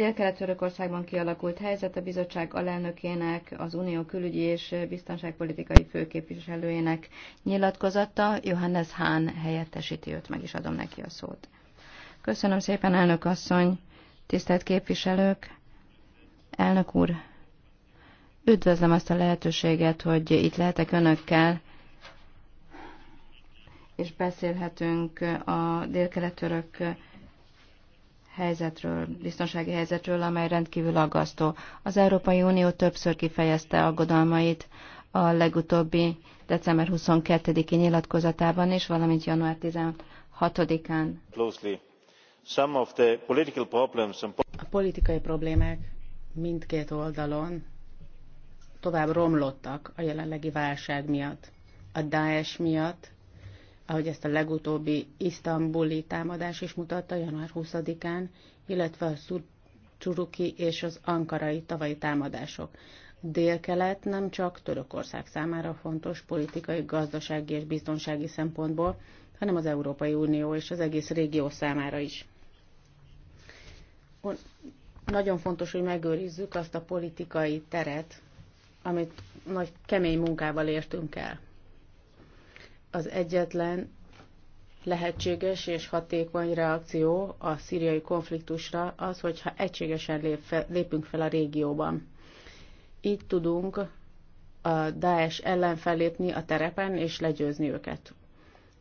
Dél-Kelet-Törökországban kialakult helyzet a bizottság alelnökének, az Unió külügyi és biztonságpolitikai főképviselőjének nyilatkozata. Johannes Hahn helyettesíti őt, meg is adom neki a szót. Köszönöm szépen, elnök asszony, tisztelt képviselők, elnök úr, üdvözlöm azt a lehetőséget, hogy itt lehetek önökkel, és beszélhetünk a dél-kelet-török helyzetről, biztonsági helyzetről, amely rendkívül aggasztó. Az Európai Unió többször kifejezte aggodalmait a legutóbbi december 22-i nyilatkozatában is, valamint január 16-án. A politikai problémák mindkét oldalon tovább romlottak a jelenlegi válság miatt, a Daesh miatt, ahogy ezt a legutóbbi isztambuli támadás is mutatta január 20-án, illetve a Csuruki és az ankarai tavalyi támadások. Délkelet nem csak Törökország számára fontos politikai, gazdasági és biztonsági szempontból, hanem az Európai Unió és az egész régió számára is. Nagyon fontos, hogy megőrizzük azt a politikai teret, amit nagy kemény munkával értünk el az egyetlen lehetséges és hatékony reakció a szíriai konfliktusra az, hogyha egységesen lép fel, lépünk fel a régióban. Így tudunk a Daesh ellen fellépni a terepen és legyőzni őket.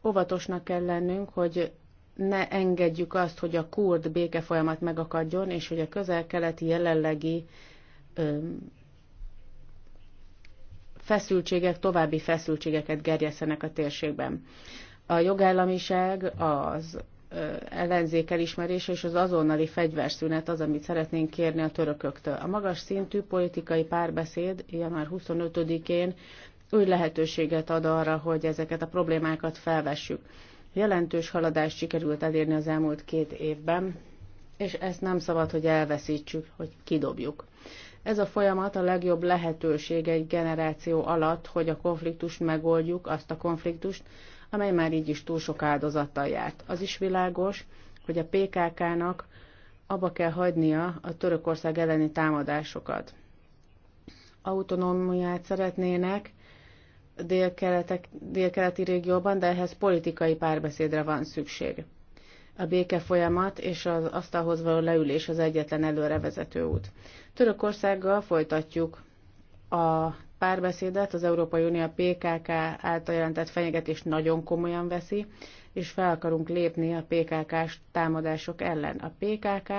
Óvatosnak kell lennünk, hogy ne engedjük azt, hogy a kurd békefolyamat megakadjon, és hogy a közel-keleti jelenlegi feszültségek további feszültségeket gerjesztenek a térségben. A jogállamiság, az ellenzék elismerése és az azonnali fegyverszünet az, amit szeretnénk kérni a törököktől. A magas szintű politikai párbeszéd január 25-én új lehetőséget ad arra, hogy ezeket a problémákat felvessük. Jelentős haladást sikerült elérni az elmúlt két évben, és ezt nem szabad, hogy elveszítsük, hogy kidobjuk. Ez a folyamat a legjobb lehetőség egy generáció alatt, hogy a konfliktust megoldjuk, azt a konfliktust, amely már így is túl sok áldozattal járt. Az is világos, hogy a PKK-nak abba kell hagynia a Törökország elleni támadásokat. Autonómiát szeretnének dél-keleti dél régióban, de ehhez politikai párbeszédre van szükség. A béke folyamat és az asztalhoz való leülés az egyetlen előrevezető út. Törökországgal folytatjuk a párbeszédet, az Európai Unió a PKK által jelentett fenyegetést nagyon komolyan veszi, és fel akarunk lépni a PKK-s támadások ellen. A PKK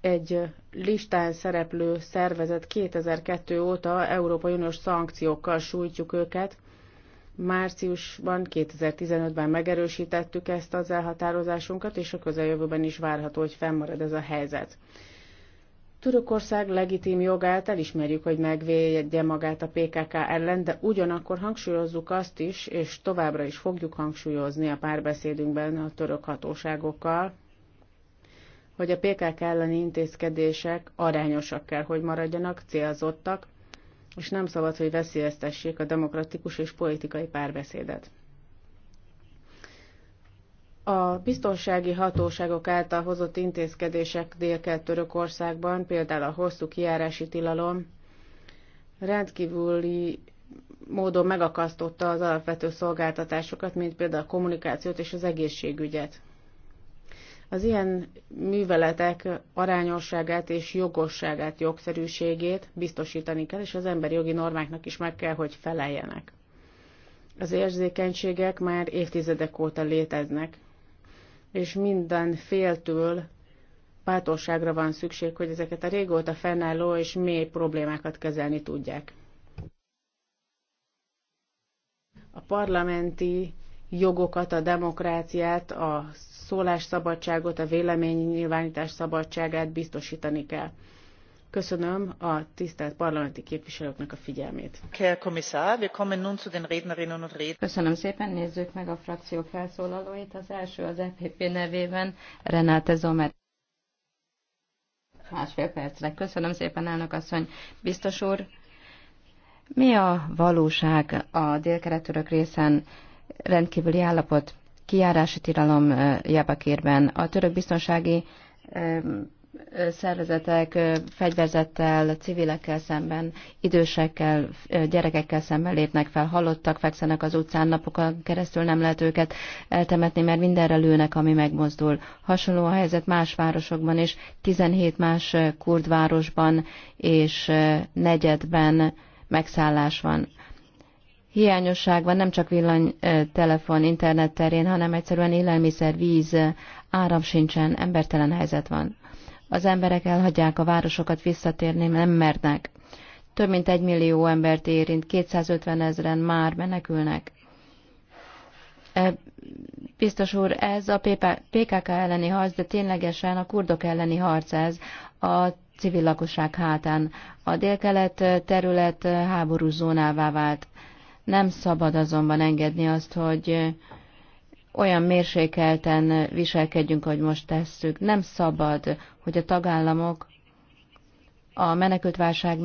egy listán szereplő szervezet 2002 óta Európai Uniós szankciókkal sújtjuk őket, Márciusban, 2015-ben megerősítettük ezt az elhatározásunkat, és a közeljövőben is várható, hogy fennmarad ez a helyzet. Törökország legitim jogát elismerjük, hogy megvédje magát a PKK ellen, de ugyanakkor hangsúlyozzuk azt is, és továbbra is fogjuk hangsúlyozni a párbeszédünkben a török hatóságokkal, hogy a PKK elleni intézkedések arányosak kell, hogy maradjanak, célzottak, és nem szabad, hogy veszélyeztessék a demokratikus és politikai párbeszédet. A biztonsági hatóságok által hozott intézkedések dél törökországban például a hosszú kiárási tilalom, rendkívüli módon megakasztotta az alapvető szolgáltatásokat, mint például a kommunikációt és az egészségügyet. Az ilyen műveletek arányosságát és jogosságát, jogszerűségét biztosítani kell, és az emberi jogi normáknak is meg kell, hogy feleljenek. Az érzékenységek már évtizedek óta léteznek, és minden féltől bátorságra van szükség, hogy ezeket a régóta fennálló és mély problémákat kezelni tudják. A parlamenti jogokat, a demokráciát, a szólásszabadságot, a véleménynyilvánítás szabadságát biztosítani kell. Köszönöm a tisztelt parlamenti képviselőknek a figyelmét. Köszönöm szépen, nézzük meg a frakciók felszólalóit. Az első az EPP nevében Renate Zomer. Másfél percre. Köszönöm szépen, elnök asszony. Biztos úr, mi a valóság a délkeretörök részen rendkívüli állapot? kiárási tilalom Jabakérben. A török biztonsági szervezetek fegyverzettel, civilekkel szemben, idősekkel, gyerekekkel szemben lépnek fel, halottak, fekszenek az utcán, napokon keresztül nem lehet őket eltemetni, mert mindenre lőnek, ami megmozdul. Hasonló a helyzet más városokban is, 17 más kurd városban és negyedben megszállás van hiányosság van nem csak villany, telefon, internet terén, hanem egyszerűen élelmiszer, víz, áram sincsen, embertelen helyzet van. Az emberek elhagyják a városokat visszatérni, nem mernek. Több mint egy millió embert érint, 250 ezeren már menekülnek. Biztos úr, ez a PKK elleni harc, de ténylegesen a kurdok elleni harc ez a civil lakosság hátán. A délkelet terület háborús zónává vált. Nem szabad azonban engedni azt, hogy olyan mérsékelten viselkedjünk, ahogy most tesszük. Nem szabad, hogy a tagállamok a menekültválság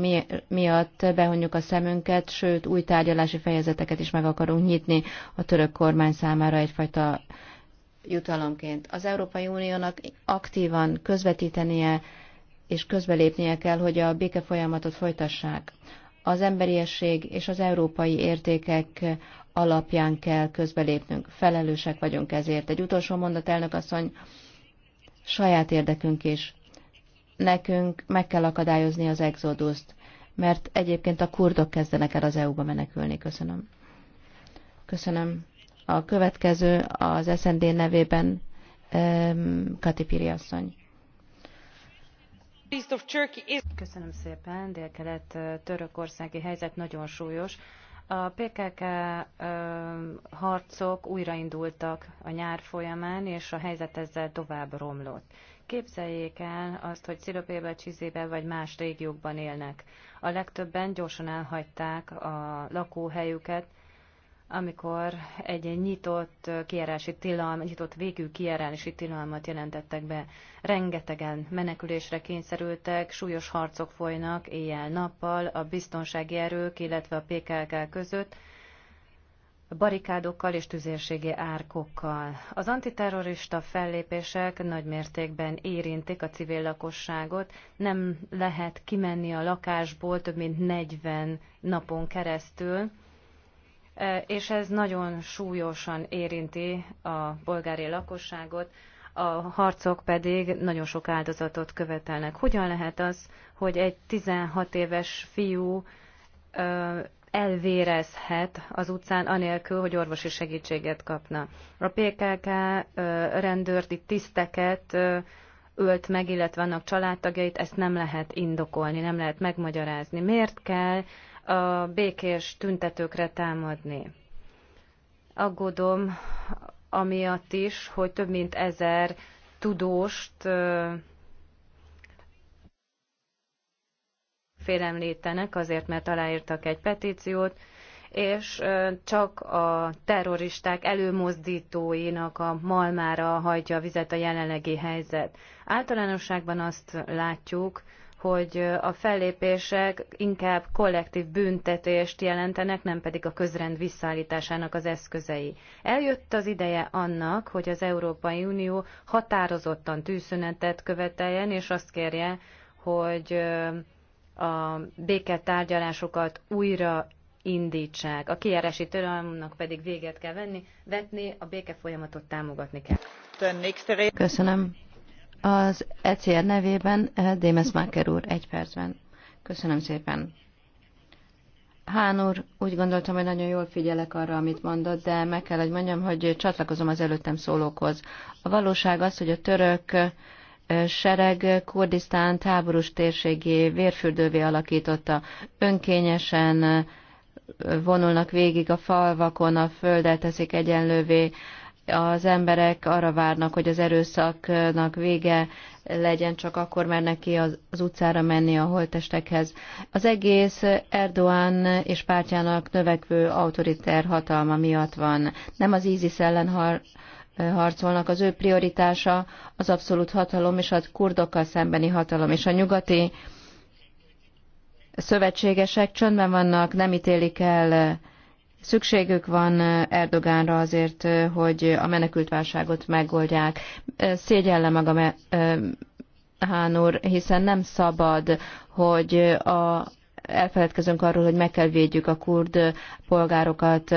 miatt behonjuk a szemünket, sőt új tárgyalási fejezeteket is meg akarunk nyitni a török kormány számára egyfajta jutalomként. Az Európai Uniónak aktívan közvetítenie és közbelépnie kell, hogy a béke folyamatot folytassák az emberiesség és az európai értékek alapján kell közbelépnünk. Felelősek vagyunk ezért. Egy utolsó mondat, elnök asszony, saját érdekünk is. Nekünk meg kell akadályozni az exoduszt, mert egyébként a kurdok kezdenek el az EU-ba menekülni. Köszönöm. Köszönöm. A következő az SND nevében Kati Piri asszony. Köszönöm szépen. kelet törökországi helyzet nagyon súlyos. A PKK harcok újraindultak a nyár folyamán, és a helyzet ezzel tovább romlott. Képzeljék el azt, hogy Szilopébe, Csizébe vagy más régiókban élnek. A legtöbben gyorsan elhagyták a lakóhelyüket, amikor egy nyitott kijárási tilalmat, nyitott végű kijárási tilalmat jelentettek be. Rengetegen menekülésre kényszerültek, súlyos harcok folynak éjjel-nappal a biztonsági erők, illetve a PKK között, barikádokkal és tüzérségi árkokkal. Az antiterrorista fellépések nagy mértékben érintik a civil lakosságot, nem lehet kimenni a lakásból több mint 40 napon keresztül, E, és ez nagyon súlyosan érinti a bolgári lakosságot, a harcok pedig nagyon sok áldozatot követelnek. Hogyan lehet az, hogy egy 16 éves fiú e, elvérezhet az utcán, anélkül, hogy orvosi segítséget kapna. A PKK e, rendőrti tiszteket ölt meg, illetve annak családtagjait, ezt nem lehet indokolni, nem lehet megmagyarázni. Miért kell a békés tüntetőkre támadni. Aggódom amiatt is, hogy több mint ezer tudóst félemlítenek azért, mert aláírtak egy petíciót, és csak a terroristák előmozdítóinak a malmára hagyja a vizet a jelenlegi helyzet. Általánosságban azt látjuk, hogy a fellépések inkább kollektív büntetést jelentenek, nem pedig a közrend visszaállításának az eszközei. Eljött az ideje annak, hogy az Európai Unió határozottan tűzszünetet követeljen, és azt kérje, hogy a béketárgyalásokat újra indítsák. A kijárási törelmünknek pedig véget kell venni, vetni, a béke folyamatot támogatni kell. Köszönöm. Az ECR nevében eh, Démes Máker úr, egy percben. Köszönöm szépen. Hán úr, úgy gondoltam, hogy nagyon jól figyelek arra, amit mondott, de meg kell, hogy mondjam, hogy csatlakozom az előttem szólókhoz. A valóság az, hogy a török eh, sereg Kurdisztán táborús térségé vérfürdővé alakította. Önkényesen eh, vonulnak végig a falvakon, a földet teszik egyenlővé, az emberek arra várnak, hogy az erőszaknak vége legyen, csak akkor mernek ki az, az utcára menni a holtestekhez. Az egész Erdoğan és pártjának növekvő autoriter hatalma miatt van. Nem az ISIS ellen har harcolnak, az ő prioritása az abszolút hatalom és a kurdokkal szembeni hatalom, és a nyugati szövetségesek csöndben vannak, nem ítélik el Szükségük van Erdogánra azért, hogy a menekültválságot megoldják. Szégyelle magam, Hán úr, hiszen nem szabad, hogy a, elfeledkezünk arról, hogy meg kell védjük a kurd polgárokat.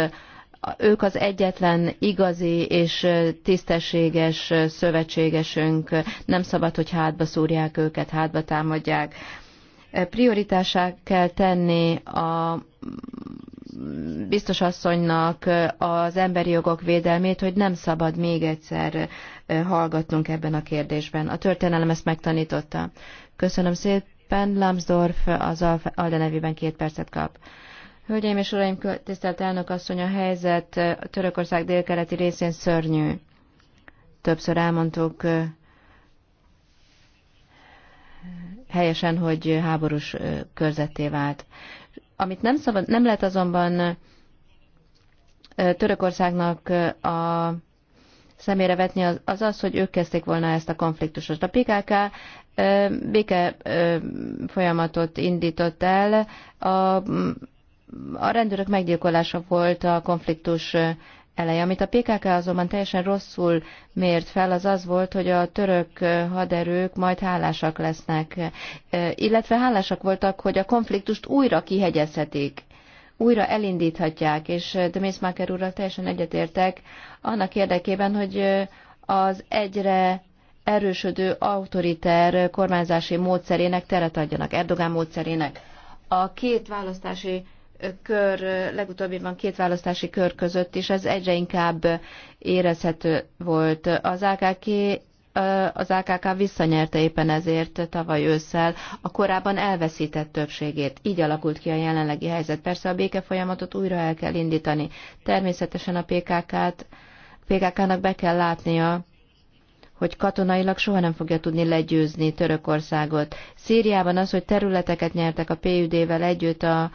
Ők az egyetlen igazi és tisztességes szövetségesünk. Nem szabad, hogy hátba szúrják őket, hátba támadják. Prioritásá kell tenni a biztos asszonynak az emberi jogok védelmét, hogy nem szabad még egyszer hallgatnunk ebben a kérdésben. A történelem ezt megtanította. Köszönöm szépen. Lambsdorff az Alde nevében két percet kap. Hölgyeim és uraim, tisztelt elnök asszony, a helyzet a Törökország délkeleti részén szörnyű. Többször elmondtuk helyesen, hogy háborús körzetté vált. Amit nem, szabad, nem lehet azonban Törökországnak a szemére vetni, az, az az, hogy ők kezdték volna ezt a konfliktusot. A PKK béke folyamatot indított el, a, a rendőrök meggyilkolása volt a konfliktus eleje. Amit a PKK azonban teljesen rosszul mért fel, az az volt, hogy a török haderők majd hálásak lesznek, e, illetve hálásak voltak, hogy a konfliktust újra kihegyezhetik újra elindíthatják, és de Máker úrral teljesen egyetértek, annak érdekében, hogy az egyre erősödő autoriter kormányzási módszerének teret adjanak, Erdogán módszerének. A két választási kör, legutóbbiban két választási kör között is ez egyre inkább érezhető volt. Az AKK az AKK visszanyerte éppen ezért tavaly ősszel a korábban elveszített többségét. Így alakult ki a jelenlegi helyzet. Persze a béke folyamatot újra el kell indítani. Természetesen a PKK-t, PKK-nak be kell látnia, hogy katonailag soha nem fogja tudni legyőzni Törökországot. Szíriában az, hogy területeket nyertek a PUD-vel együtt a,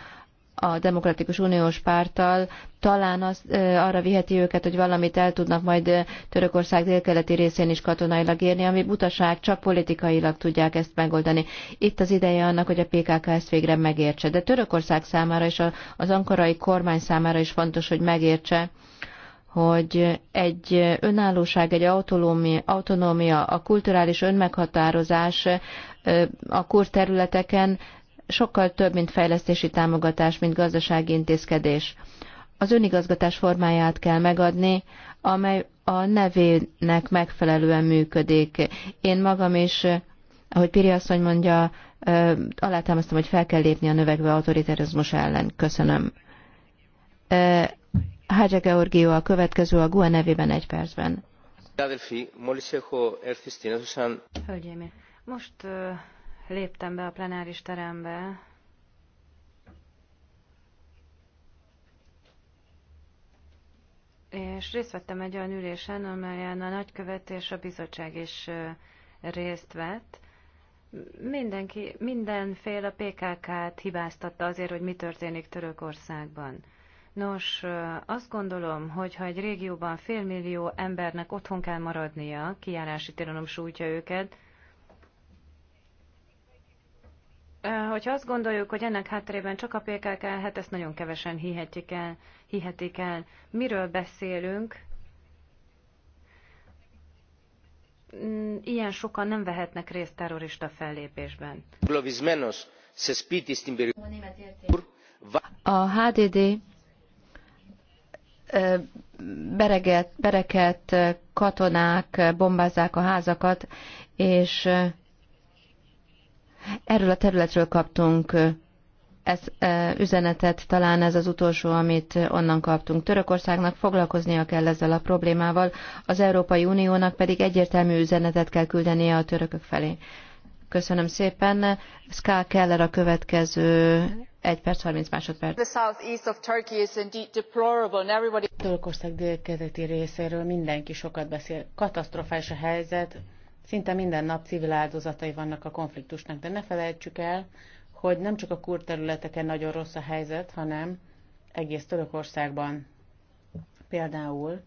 a Demokratikus Uniós Párttal, talán az, arra viheti őket, hogy valamit el tudnak majd Törökország délkeleti részén is katonailag érni, ami butaság, csak politikailag tudják ezt megoldani. Itt az ideje annak, hogy a PKK ezt végre megértse. De Törökország számára és az ankarai kormány számára is fontos, hogy megértse, hogy egy önállóság, egy autonómia, autonómia a kulturális önmeghatározás a kur területeken sokkal több, mint fejlesztési támogatás, mint gazdasági intézkedés. Az önigazgatás formáját kell megadni, amely a nevének megfelelően működik. Én magam is, ahogy Piri asszony mondja, alátámasztom, hogy fel kell lépni a növekvő autoritarizmus ellen. Köszönöm. Hágya Georgió a következő a GUE nevében egy percben. Hölgyeim, most léptem be a plenáris terembe, és részt vettem egy olyan ülésen, amelyen a nagykövet és a bizottság is részt vett. Mindenki, mindenfél a PKK-t hibáztatta azért, hogy mi történik Törökországban. Nos, azt gondolom, hogy ha egy régióban félmillió embernek otthon kell maradnia, kijárási tilalom sújtja őket, Hogyha azt gondoljuk, hogy ennek hátterében csak a PKK, hát ezt nagyon kevesen hihetik el. Hihetik el. Miről beszélünk? Mm, ilyen sokan nem vehetnek részt terrorista fellépésben. A HDD bereket, bereket katonák bombázzák a házakat, és Erről a területről kaptunk ez, üzenetet, talán ez az utolsó, amit onnan kaptunk. Törökországnak foglalkoznia kell ezzel a problémával, az Európai Uniónak pedig egyértelmű üzenetet kell küldenie a törökök felé. Köszönöm szépen. Ská Keller a következő 1 perc 30 másodperc. Törökország délkeleti részéről mindenki sokat beszél. Katasztrofális a helyzet, Szinte minden nap civil áldozatai vannak a konfliktusnak, de ne felejtsük el, hogy nem csak a kur területeken nagyon rossz a helyzet, hanem egész Törökországban. Például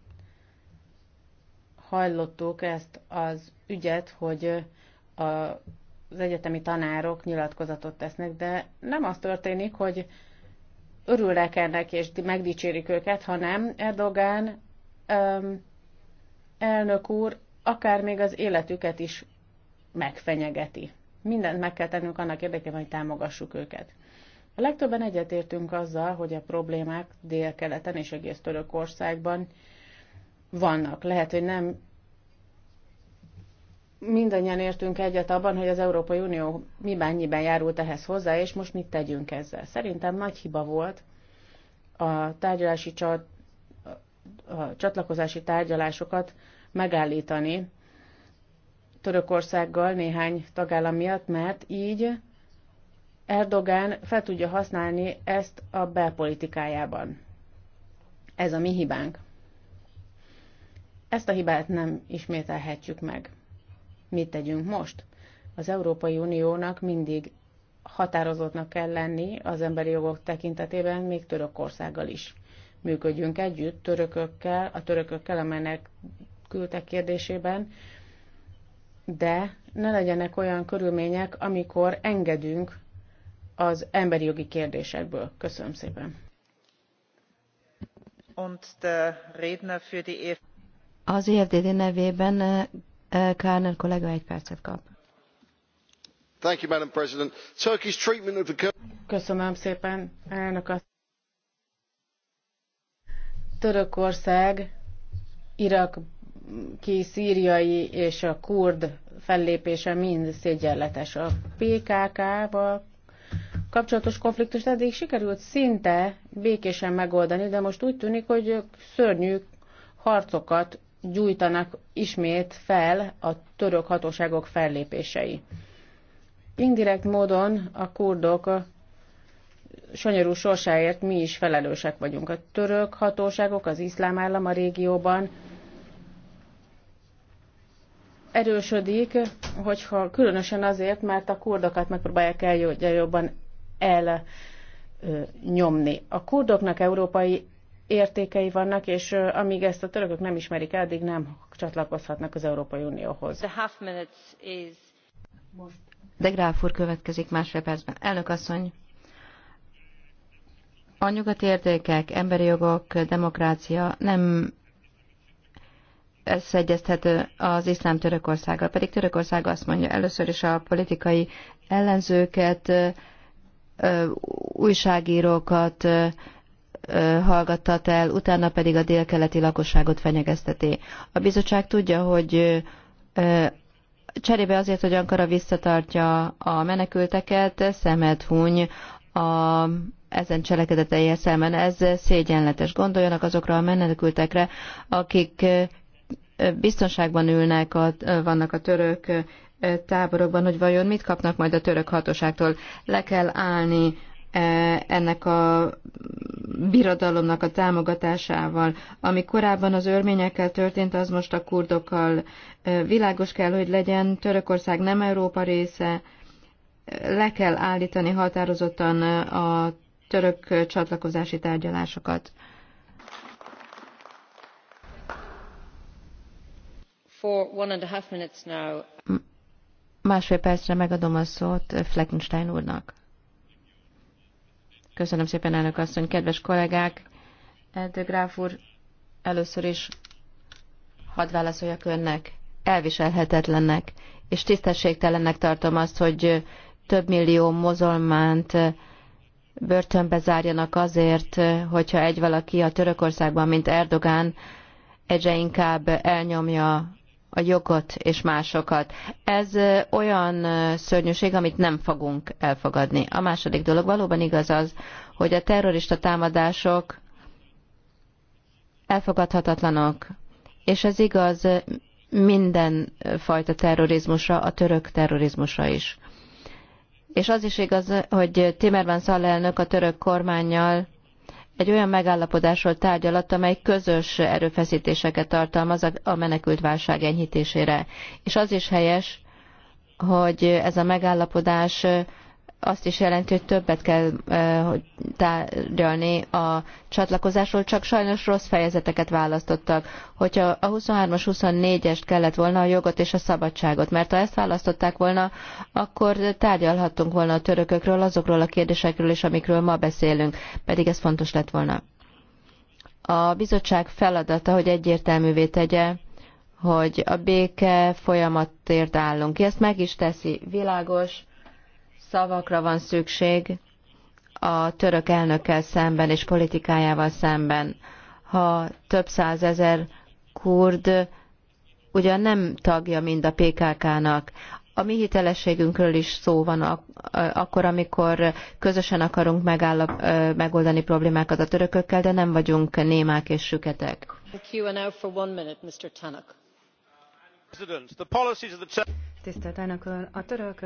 hallottuk ezt az ügyet, hogy a, az egyetemi tanárok nyilatkozatot tesznek, de nem az történik, hogy örülnek ennek és megdicsérik őket, hanem Erdogan öm, elnök úr akár még az életüket is megfenyegeti. Mindent meg kell tennünk annak érdekében, hogy támogassuk őket. A legtöbben egyetértünk azzal, hogy a problémák délkeleten és egész Törökországban vannak. Lehet, hogy nem mindannyian értünk egyet abban, hogy az Európai Unió mibányiben járult ehhez hozzá, és most mit tegyünk ezzel. Szerintem nagy hiba volt a tárgyalási csat, a csatlakozási tárgyalásokat megállítani Törökországgal néhány tagállam miatt, mert így Erdogán fel tudja használni ezt a belpolitikájában. Ez a mi hibánk. Ezt a hibát nem ismételhetjük meg. Mit tegyünk most? Az Európai Uniónak mindig határozottnak kell lenni az emberi jogok tekintetében, még Törökországgal is. Működjünk együtt törökökkel, a törökökkel, amelynek küldtek kérdésében, de ne legyenek olyan körülmények, amikor engedünk az emberi jogi kérdésekből. Köszönöm szépen. E az EFDD nevében eh, eh, Kárner kollega egy percet kap. Köszönöm szépen, elnök Törökország Irak iraki, szíriai és a kurd fellépése mind szégyenletes. A PKK-val kapcsolatos konfliktust eddig sikerült szinte békésen megoldani, de most úgy tűnik, hogy szörnyű harcokat gyújtanak ismét fel a török hatóságok fellépései. Indirekt módon a kurdok sanyarú sorsáért mi is felelősek vagyunk. A török hatóságok, az iszlám állam a régióban erősödik, hogyha különösen azért, mert a kurdokat megpróbálják el jobban elnyomni. A kurdoknak európai értékei vannak, és amíg ezt a törökök nem ismerik, addig nem csatlakozhatnak az Európai Unióhoz. The half is... Most. De Graf úr következik másfél percben. Elnök asszony, a nyugati értékek, emberi jogok, demokrácia nem összeegyezthető az iszlám Törökországgal. Pedig Törökország azt mondja, először is a politikai ellenzőket, újságírókat hallgattat el, utána pedig a délkeleti lakosságot fenyegezteti. A bizottság tudja, hogy cserébe azért, hogy Ankara visszatartja a menekülteket, szemet huny a ezen cselekedeteihez szemben. Ez szégyenletes. Gondoljanak azokra a menekültekre, akik biztonságban ülnek, a, vannak a török táborokban, hogy vajon mit kapnak majd a török hatóságtól. Le kell állni ennek a birodalomnak a támogatásával. Ami korábban az örményekkel történt, az most a kurdokkal világos kell, hogy legyen. Törökország nem Európa része, le kell állítani határozottan a török csatlakozási tárgyalásokat. Másfél percre megadom a szót Fleckenstein úrnak. Köszönöm szépen, elnök asszony, kedves kollégák! De Gráf úr, először is hadd válaszoljak önnek. Elviselhetetlennek és tisztességtelennek tartom azt, hogy több millió mozolmánt börtönbe zárjanak azért, hogyha egy valaki a Törökországban, mint Erdogán, egyre inkább elnyomja a jogot és másokat. Ez olyan szörnyűség, amit nem fogunk elfogadni. A második dolog valóban igaz az, hogy a terrorista támadások elfogadhatatlanok, és ez igaz minden fajta terrorizmusra, a török terrorizmusra is. És az is igaz, hogy Timmermans alelnök a török kormányjal egy olyan megállapodásról tárgyalat, amely közös erőfeszítéseket tartalmaz a menekült válság enyhítésére. És az is helyes, hogy ez a megállapodás azt is jelenti, hogy többet kell hogy tárgyalni a csatlakozásról, csak sajnos rossz fejezeteket választottak. Hogyha a 23-as, 24-est kellett volna a jogot és a szabadságot, mert ha ezt választották volna, akkor tárgyalhattunk volna a törökökről, azokról a kérdésekről is, amikről ma beszélünk, pedig ez fontos lett volna. A bizottság feladata, hogy egyértelművé tegye, hogy a béke folyamatért állunk ki. Ezt meg is teszi világos, szavakra van szükség a török elnökkel szemben és politikájával szemben. Ha több százezer kurd ugyan nem tagja mind a PKK-nak, a mi hitelességünkről is szó van akkor, amikor közösen akarunk megállap, megoldani problémákat a törökökkel, de nem vagyunk némák és süketek. Tisztelt elnök a török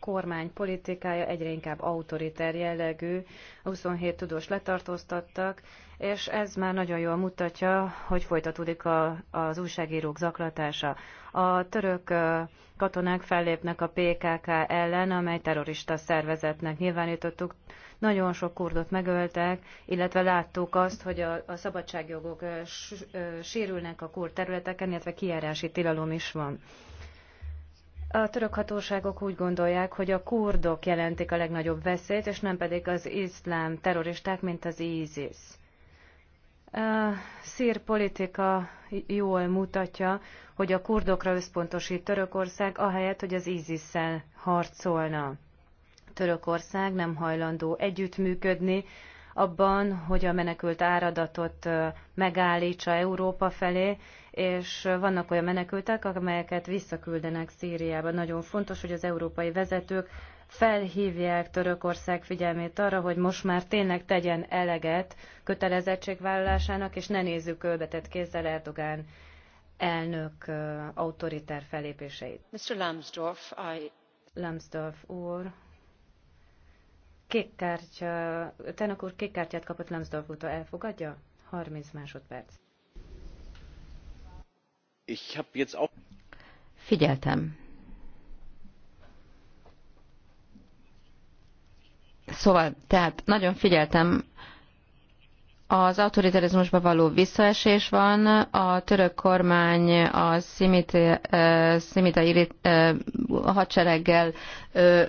kormány politikája egyre inkább autoriter jellegű, 27 tudós letartóztattak, és ez már nagyon jól mutatja, hogy folytatódik a, az újságírók zaklatása. A török katonák fellépnek a PKK ellen, amely terrorista szervezetnek nyilvánítottuk. Nagyon sok kurdot megöltek, illetve láttuk azt, hogy a, a szabadságjogok sérülnek a kurd területeken, illetve kijárási tilalom is van. A török hatóságok úgy gondolják, hogy a kurdok jelentik a legnagyobb veszélyt, és nem pedig az iszlám terroristák, mint az ISIS. A szír politika jól mutatja, hogy a kurdokra összpontosít Törökország, ahelyett, hogy az ISIS-szel harcolna. Törökország nem hajlandó együttműködni abban, hogy a menekült áradatot megállítsa Európa felé, és vannak olyan menekültek, amelyeket visszaküldenek Szíriába. Nagyon fontos, hogy az európai vezetők felhívják Törökország figyelmét arra, hogy most már tényleg tegyen eleget kötelezettségvállalásának, és ne nézzük ölbetett kézzel Erdogán elnök autoritár fellépéseit. Mr. Lambsdorff, I... Lambsdorff úr, Kék kártya, Tenok úr kék kártyát kapott Lambsdorff úrtól, elfogadja? 30 másodperc. Ich hab jetzt auch... Figyeltem. Szóval, tehát nagyon figyeltem az autoritarizmusba való visszaesés van, a török kormány a szimita hadsereggel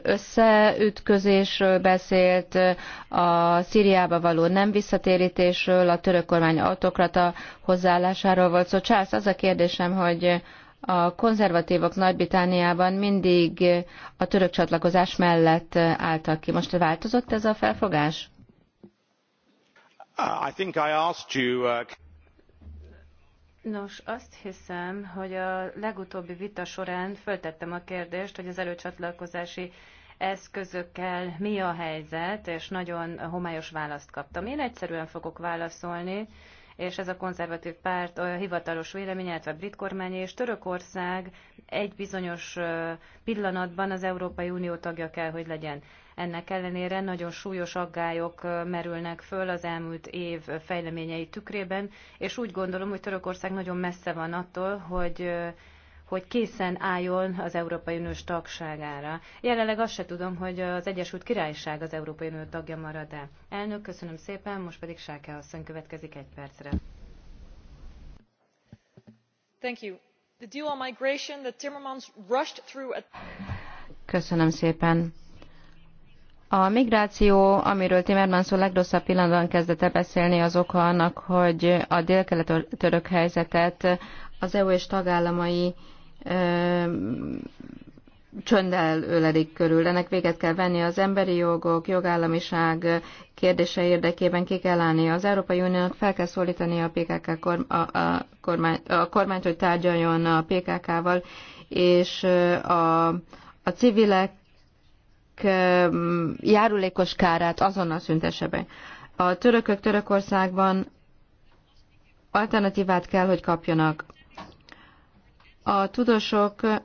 összeütközésről beszélt, a Szíriába való nem visszatérítésről, a török kormány autokrata hozzáállásáról volt szó. Szóval Charles, az a kérdésem, hogy a konzervatívok Nagy-Britániában mindig a török csatlakozás mellett álltak ki. Most változott ez a felfogás? Ah, I think I asked you, uh, Nos, azt hiszem, hogy a legutóbbi vita során föltettem a kérdést, hogy az előcsatlakozási eszközökkel mi a helyzet, és nagyon homályos választ kaptam. Én egyszerűen fogok válaszolni és ez a konzervatív párt a hivatalos véleménye, illetve a brit kormány és Törökország egy bizonyos pillanatban az Európai Unió tagja kell, hogy legyen. Ennek ellenére nagyon súlyos aggályok merülnek föl az elmúlt év fejleményei tükrében, és úgy gondolom, hogy Törökország nagyon messze van attól, hogy hogy készen álljon az Európai Uniós tagságára. Jelenleg azt se tudom, hogy az Egyesült Királyság az Európai Unió tagja marad-e. Elnök, köszönöm szépen, most pedig Sáke asszony következik egy percre. Thank you. The deal on migration that Timmermans rushed through at... Köszönöm szépen. A migráció, amiről Timmermans úr legrosszabb pillanatban kezdett beszélni, az oka annak, hogy a délkelet török helyzetet az EU és tagállamai csönddel öledik körül. Ennek véget kell venni az emberi jogok, jogállamiság kérdése érdekében ki kell állni. Az Európai Uniónak fel kell szólítani a PKK korm- a, a, kormány, a kormányt, hogy tárgyaljon a PKK-val, és a, a civilek járulékos kárát azonnal szüntesse be. A törökök Törökországban alternatívát kell, hogy kapjanak. A tudósok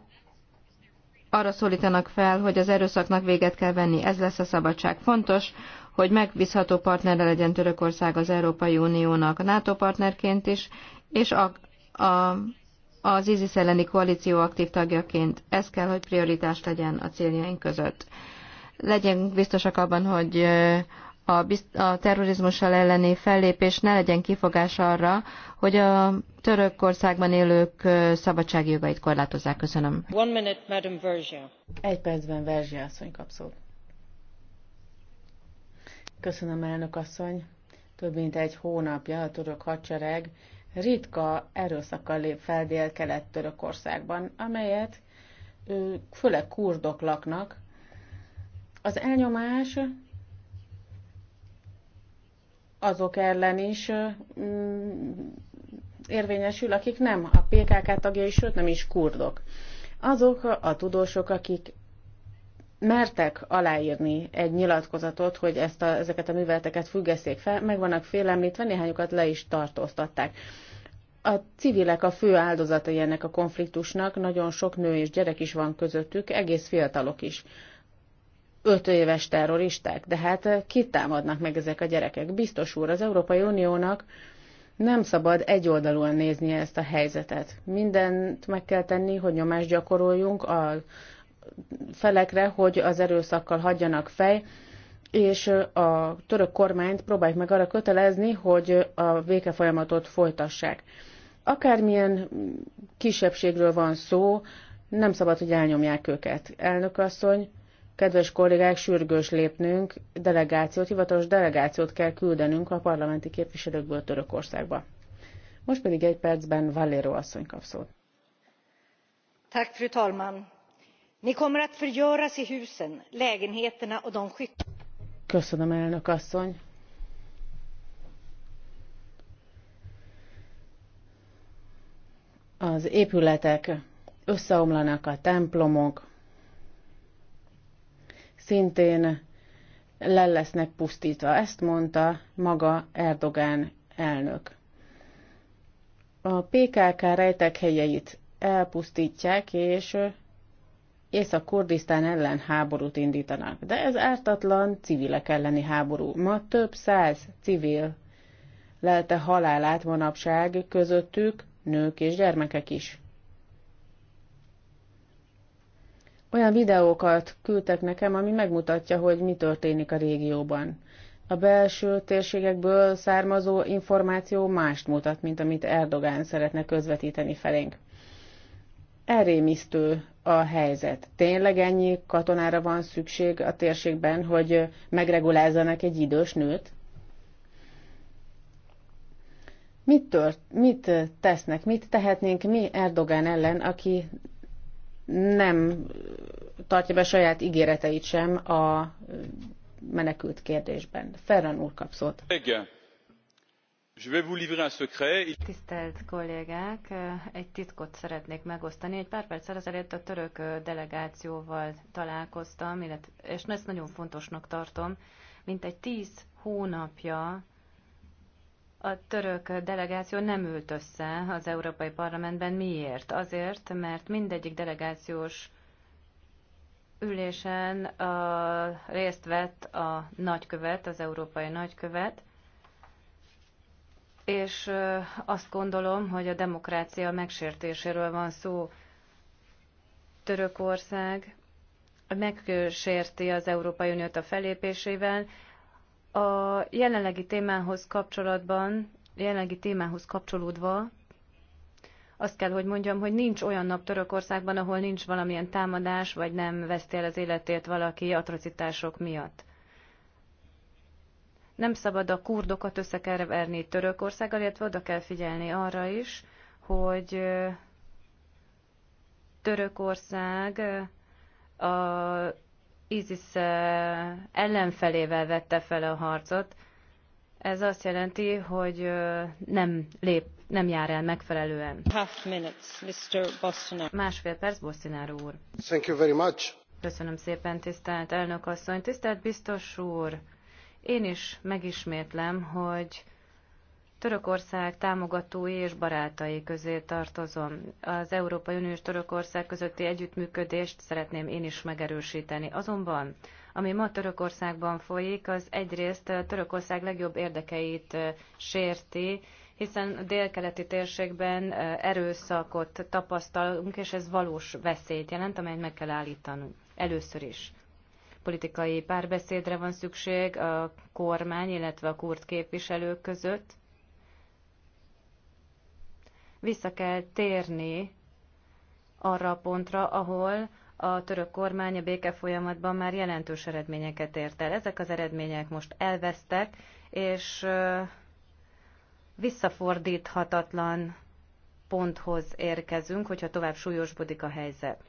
arra szólítanak fel, hogy az erőszaknak véget kell venni, ez lesz a szabadság. Fontos, hogy megbízható partnere legyen Törökország az Európai Uniónak, a NATO partnerként is, és a, a, az ISIS elleni koalíció aktív tagjaként. Ez kell, hogy prioritás legyen a céljaink között. Legyen biztosak abban, hogy a, a terrorizmussal elleni fellépés ne legyen kifogás arra, hogy a Törökországban élők szabadsági jogait korlátozzák. Köszönöm. One minute, Madam Verzsia. Egy percben Verzsia asszony kap szót. Köszönöm, elnök asszony. Több mint egy hónapja a török hadsereg ritka erőszakkal lép fel dél-kelet Törökországban, amelyet főleg kurdok laknak. Az elnyomás azok ellen is mm, érvényesül, akik nem a PKK tagjai, sőt nem is kurdok. Azok a tudósok, akik mertek aláírni egy nyilatkozatot, hogy ezt a, ezeket a műveleteket függeszék fel, meg vannak félemlítve, néhányukat le is tartóztatták. A civilek a fő áldozatai ennek a konfliktusnak, nagyon sok nő és gyerek is van közöttük, egész fiatalok is öt éves terroristák, de hát eh, kit támadnak meg ezek a gyerekek? Biztos úr, az Európai Uniónak nem szabad egyoldalúan nézni ezt a helyzetet. Mindent meg kell tenni, hogy nyomást gyakoroljunk a felekre, hogy az erőszakkal hagyjanak fej, és eh, a török kormányt próbáljuk meg arra kötelezni, hogy eh, a folyamatot folytassák. Akármilyen kisebbségről van szó, nem szabad, hogy elnyomják őket. Elnök asszony, kedves kollégák, sürgős lépnünk, delegációt, hivatalos delegációt kell küldenünk a parlamenti képviselőkből Törökországba. Most pedig egy percben Valero asszony kap szót. Tack, fru talman. Ni kommer att förgöras i husen, lägenheterna och de skick... Köszönöm, elnök asszony. Az épületek összeomlanak, a templomok, szintén le lesznek pusztítva. Ezt mondta maga Erdogán elnök. A PKK rejtek helyeit elpusztítják, és Észak-Kurdisztán ellen háborút indítanak. De ez ártatlan civilek elleni háború. Ma több száz civil lelte halálát manapság, közöttük nők és gyermekek is. olyan videókat küldtek nekem, ami megmutatja, hogy mi történik a régióban. A belső térségekből származó információ mást mutat, mint amit Erdogán szeretne közvetíteni felénk. Elrémisztő a helyzet. Tényleg ennyi katonára van szükség a térségben, hogy megregulázzanak egy idős nőt? Mit, tört, mit tesznek, mit tehetnénk mi Erdogán ellen, aki nem tartja be saját ígéreteit sem a menekült kérdésben. Ferran úr kap szót. Tisztelt kollégák, egy titkot szeretnék megosztani. Egy pár perccel ezelőtt a török delegációval találkoztam, illetve, és ezt nagyon fontosnak tartom. Mint egy tíz hónapja a török delegáció nem ült össze az Európai Parlamentben. Miért? Azért, mert mindegyik delegációs ülésen a, részt vett a nagykövet, az európai nagykövet, és azt gondolom, hogy a demokrácia megsértéséről van szó. Törökország megsérti az Európai Uniót a felépésével, a jelenlegi témához kapcsolatban, jelenlegi témához kapcsolódva azt kell, hogy mondjam, hogy nincs olyan nap Törökországban, ahol nincs valamilyen támadás, vagy nem veszti el az életét valaki atrocitások miatt. Nem szabad a kurdokat összekeverni Törökországgal, illetve oda kell figyelni arra is, hogy Törökország a ISIS ellenfelével vette fel a harcot. Ez azt jelenti, hogy nem lép, nem jár el megfelelően. Half minutes, Mr. Másfél perc, Bosszináró úr. Thank you very much. Köszönöm szépen, tisztelt elnök asszony, tisztelt biztos úr. Én is megismétlem, hogy Törökország támogatói és barátai közé tartozom. Az Európai Unió és Törökország közötti együttműködést szeretném én is megerősíteni. Azonban, ami ma Törökországban folyik, az egyrészt Törökország legjobb érdekeit eh, sérti, hiszen a délkeleti térségben eh, erőszakot tapasztalunk, és ez valós veszélyt jelent, amelyet meg kell állítanunk. Először is politikai párbeszédre van szükség a kormány, illetve a kurd képviselők között vissza kell térni arra a pontra, ahol a török kormány a béke folyamatban már jelentős eredményeket ért el. Ezek az eredmények most elvesztek, és visszafordíthatatlan ponthoz érkezünk, hogyha tovább súlyosbodik a helyzet.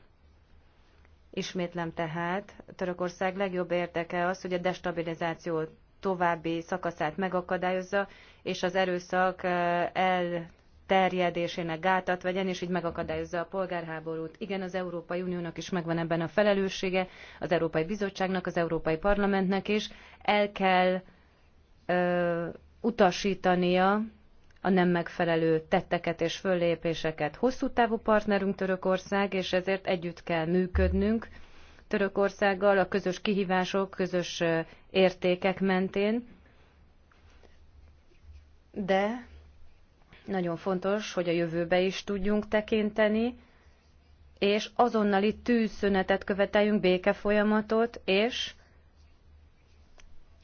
Ismétlem tehát, Törökország legjobb érdeke az, hogy a destabilizáció további szakaszát megakadályozza, és az erőszak el terjedésének gátat vegyen, és így megakadályozza a polgárháborút. Igen, az Európai Uniónak is megvan ebben a felelőssége, az Európai Bizottságnak, az Európai Parlamentnek is. El kell ö, utasítania a nem megfelelő tetteket és föllépéseket. Hosszú távú partnerünk Törökország, és ezért együtt kell működnünk Törökországgal a közös kihívások, közös értékek mentén. De nagyon fontos, hogy a jövőbe is tudjunk tekinteni, és azonnali tűzszünetet követeljünk, békefolyamatot, és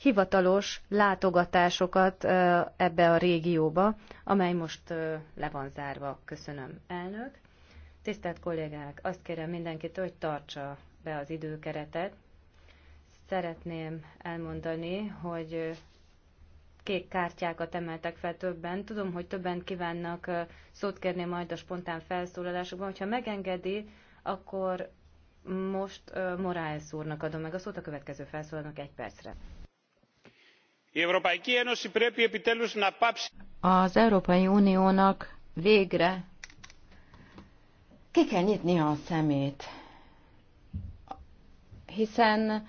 hivatalos látogatásokat ebbe a régióba, amely most le van zárva. Köszönöm, elnök. Tisztelt kollégák, azt kérem mindenkit, hogy tartsa be az időkeretet. Szeretném elmondani, hogy kék kártyákat emeltek fel többen. Tudom, hogy többen kívánnak szót kérni majd a spontán felszólalásokban. Hogyha megengedi, akkor most Morales úrnak adom meg a szót a következő felszólalnak egy percre. Az Európai Uniónak végre ki kell nyitnia a szemét, hiszen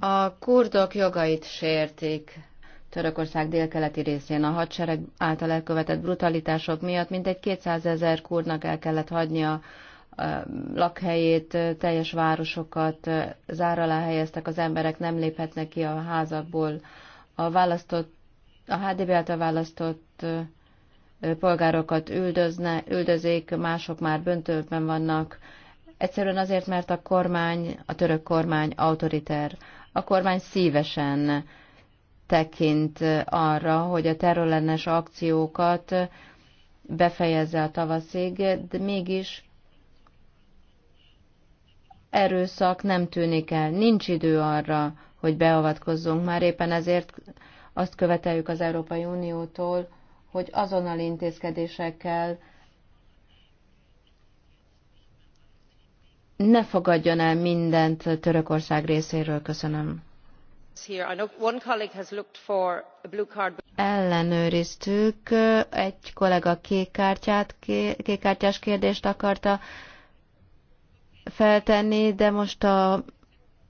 a kurdok jogait sértik. Törökország délkeleti részén a hadsereg által elkövetett brutalitások miatt mintegy 200 ezer kurnak el kellett hagynia lakhelyét, teljes városokat zár alá helyeztek, az emberek nem léphetnek ki a házakból. A választott, a HDB által választott polgárokat üldözne, üldözik, mások már böntőben vannak. Egyszerűen azért, mert a kormány, a török kormány autoriter. A kormány szívesen tekint arra, hogy a terrorellenes akciókat befejezze a tavaszig, de mégis erőszak nem tűnik el. Nincs idő arra, hogy beavatkozzunk már éppen ezért azt követeljük az Európai Uniótól, hogy azonnal intézkedésekkel ne fogadjon el mindent Törökország részéről. Köszönöm. Ellenőriztük, egy kollega kék kártyás kérdést akarta feltenni, de most a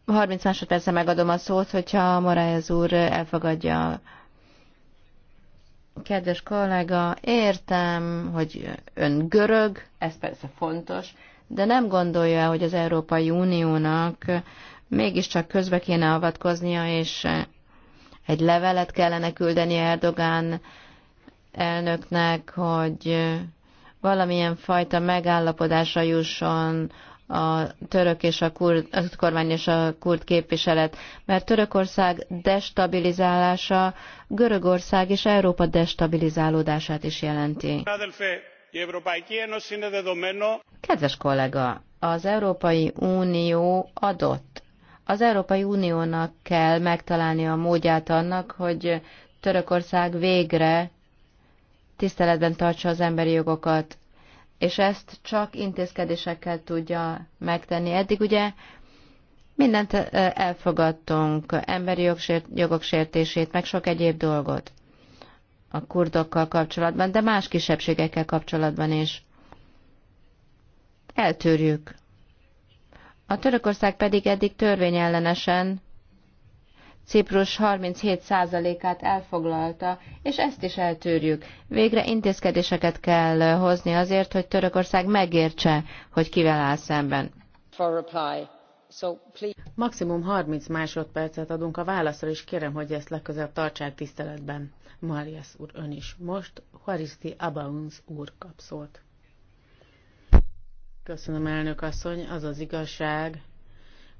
30 másodperce megadom a szót, hogyha Moraes úr elfogadja. Kedves kollega, értem, hogy ön görög, ez persze fontos, de nem gondolja, hogy az Európai Uniónak mégiscsak közbe kéne avatkoznia, és eh, egy levelet kellene küldeni Erdogán elnöknek, hogy eh, valamilyen fajta megállapodásra jusson a török és a kurd, a kormány és a kurd képviselet, mert Törökország destabilizálása Görögország és Európa destabilizálódását is jelenti. Kedves kollega, az Európai Unió adott az Európai Uniónak kell megtalálni a módját annak, hogy Törökország végre tiszteletben tartsa az emberi jogokat, és ezt csak intézkedésekkel tudja megtenni. Eddig ugye mindent elfogadtunk, emberi jogok sértését, meg sok egyéb dolgot a kurdokkal kapcsolatban, de más kisebbségekkel kapcsolatban is. Eltűrjük. A Törökország pedig eddig törvényellenesen Ciprus 37%-át elfoglalta, és ezt is eltűrjük. Végre intézkedéseket kell hozni azért, hogy Törökország megértse, hogy kivel áll szemben. So, Maximum 30 másodpercet adunk a válaszra, és kérem, hogy ezt legközelebb tartsák tiszteletben. Marias úr, ön is. Most Huaristi Abauns úr kap Köszönöm, elnök asszony. Az az igazság,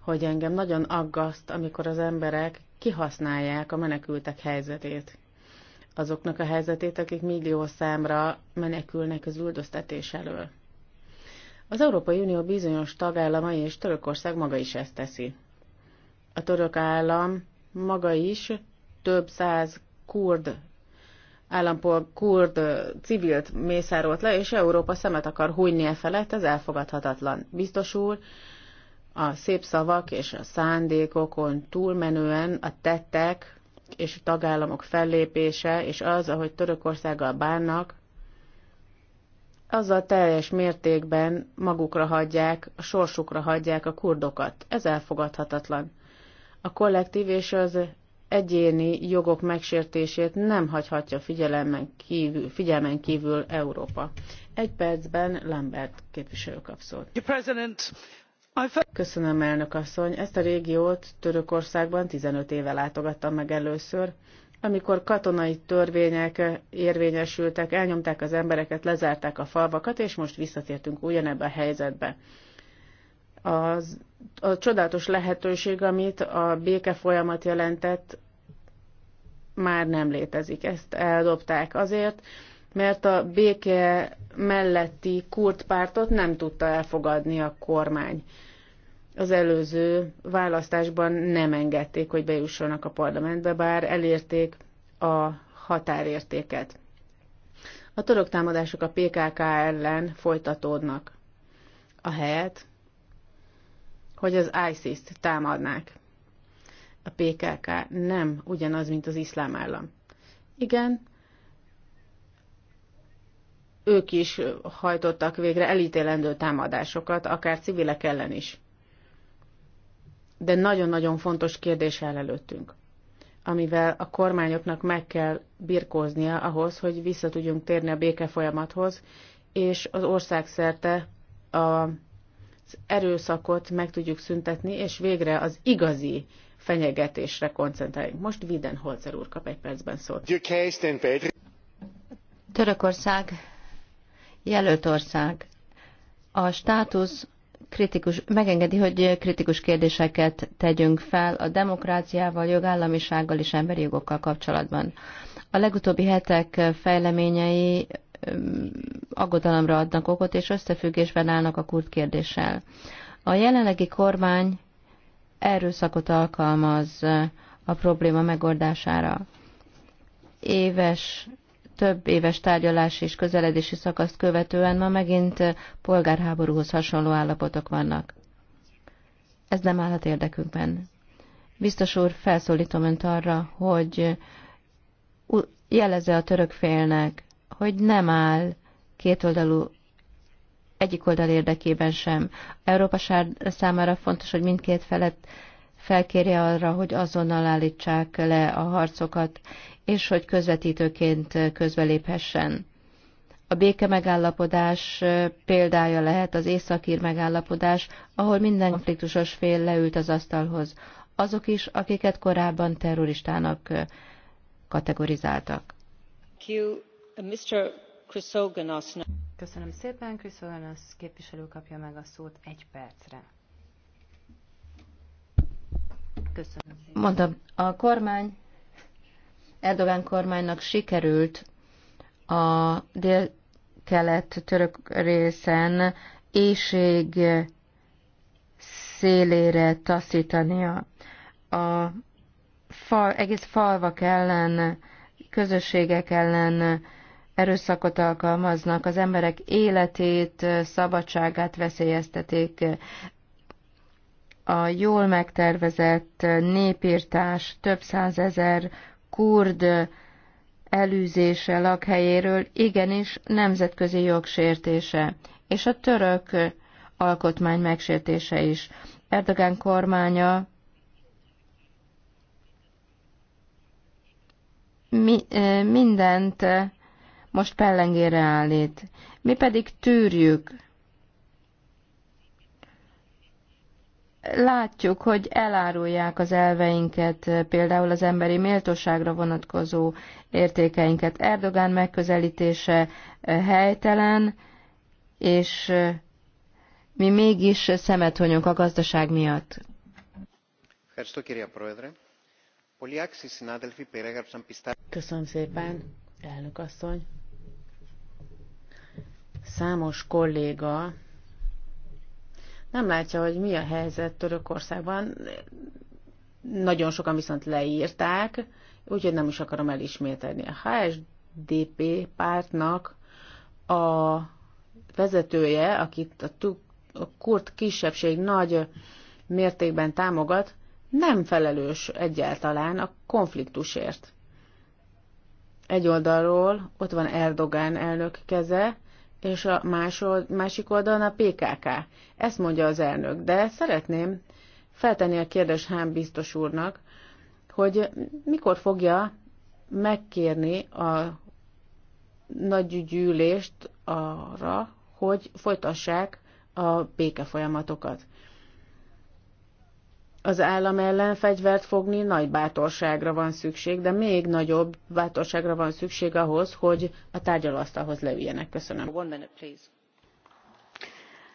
hogy engem nagyon aggaszt, amikor az emberek kihasználják a menekültek helyzetét. Azoknak a helyzetét, akik millió számra menekülnek az üldöztetés elől. Az Európai Unió bizonyos tagállamai és Törökország maga is ezt teszi. A török állam maga is több száz kurd állampol kurd civilt mészárolt le, és Európa szemet akar hunyni e felett, ez elfogadhatatlan. Biztosul a szép szavak és a szándékokon túlmenően a tettek és a tagállamok fellépése, és az, ahogy Törökországgal bánnak, azzal teljes mértékben magukra hagyják, a sorsukra hagyják a kurdokat. Ez elfogadhatatlan. A kollektív és az egyéni jogok megsértését nem hagyhatja figyelemen kívül, figyelmen kívül Európa. Egy percben Lambert képviselő kap szót. Köszönöm, elnök asszony. Ezt a régiót Törökországban 15 éve látogattam meg először, amikor katonai törvények érvényesültek, elnyomták az embereket, lezárták a falvakat, és most visszatértünk ugyanebbe a helyzetbe az, a csodálatos lehetőség, amit a béke folyamat jelentett, már nem létezik. Ezt eldobták azért, mert a béke melletti kurt pártot nem tudta elfogadni a kormány. Az előző választásban nem engedték, hogy bejussanak a parlamentbe, bár elérték a határértéket. A török támadások a PKK ellen folytatódnak. A helyet, hogy az ISIS-t támadnák a PKK nem ugyanaz, mint az iszlám állam. Igen, ők is hajtottak végre elítélendő támadásokat, akár civilek ellen is. De nagyon-nagyon fontos kérdés áll előttünk, amivel a kormányoknak meg kell birkóznia ahhoz, hogy vissza tudjunk térni a béke folyamathoz, és az ország szerte az erőszakot meg tudjuk szüntetni, és végre az igazi fenyegetésre koncentráljunk. Most Holzer úr kap egy percben szót. Törökország jelölt ország. A státusz kritikus, megengedi, hogy kritikus kérdéseket tegyünk fel a demokráciával, jogállamisággal és emberi jogokkal kapcsolatban. A legutóbbi hetek fejleményei aggodalomra adnak okot, és összefüggésben állnak a kurd kérdéssel. A jelenlegi kormány erőszakot alkalmaz a probléma megoldására. Éves, több éves tárgyalási és közeledési szakaszt követően ma megint polgárháborúhoz hasonló állapotok vannak. Ez nem állhat érdekünkben. Biztos úr, felszólítom önt arra, hogy jelezze a török félnek, hogy nem áll kétoldalú egyik oldal érdekében sem. Európa számára fontos, hogy mindkét felett felkérje arra, hogy azonnal állítsák le a harcokat, és hogy közvetítőként közbeléphessen. A béke megállapodás példája lehet az északír megállapodás, ahol minden konfliktusos fél leült az asztalhoz, azok is, akiket korábban terroristának kategorizáltak. Q, Mr. Krisogonosznak. Köszönöm szépen, Kriszogonosz képviselő kapja meg a szót egy percre. Köszönöm. Szépen. Mondom, a kormány, Erdogan kormánynak sikerült a dél-kelet török részen éjség szélére taszítania. A fal, egész falvak ellen, közösségek ellen erőszakot alkalmaznak, az emberek életét, szabadságát veszélyeztetik, a jól megtervezett népírtás több százezer kurd elűzése lakhelyéről igenis nemzetközi jogsértése, és a török alkotmány megsértése is. Erdogan kormánya mi, mindent most pellengére állít. Mi pedig tűrjük. Látjuk, hogy elárulják az elveinket, például az emberi méltóságra vonatkozó értékeinket. Erdogán megközelítése eh, helytelen, és eh, mi mégis szemet a gazdaság miatt. Köszönöm szépen, elnök asszony. Számos kolléga nem látja, hogy mi a helyzet Törökországban. Nagyon sokan viszont leírták, úgyhogy nem is akarom elismételni. A HSDP pártnak a vezetője, akit a, tuk, a kurt kisebbség nagy mértékben támogat, nem felelős egyáltalán a konfliktusért. Egy oldalról ott van Erdogán elnök keze, és a másod, másik oldalon a PKK. Ezt mondja az elnök, de szeretném feltenni a kérdés Hán biztos úrnak, hogy mikor fogja megkérni a nagy gyűlést arra, hogy folytassák a folyamatokat az állam ellen fegyvert fogni nagy bátorságra van szükség, de még nagyobb bátorságra van szükség ahhoz, hogy a tárgyalóasztalhoz leüljenek. Köszönöm. One minute, please.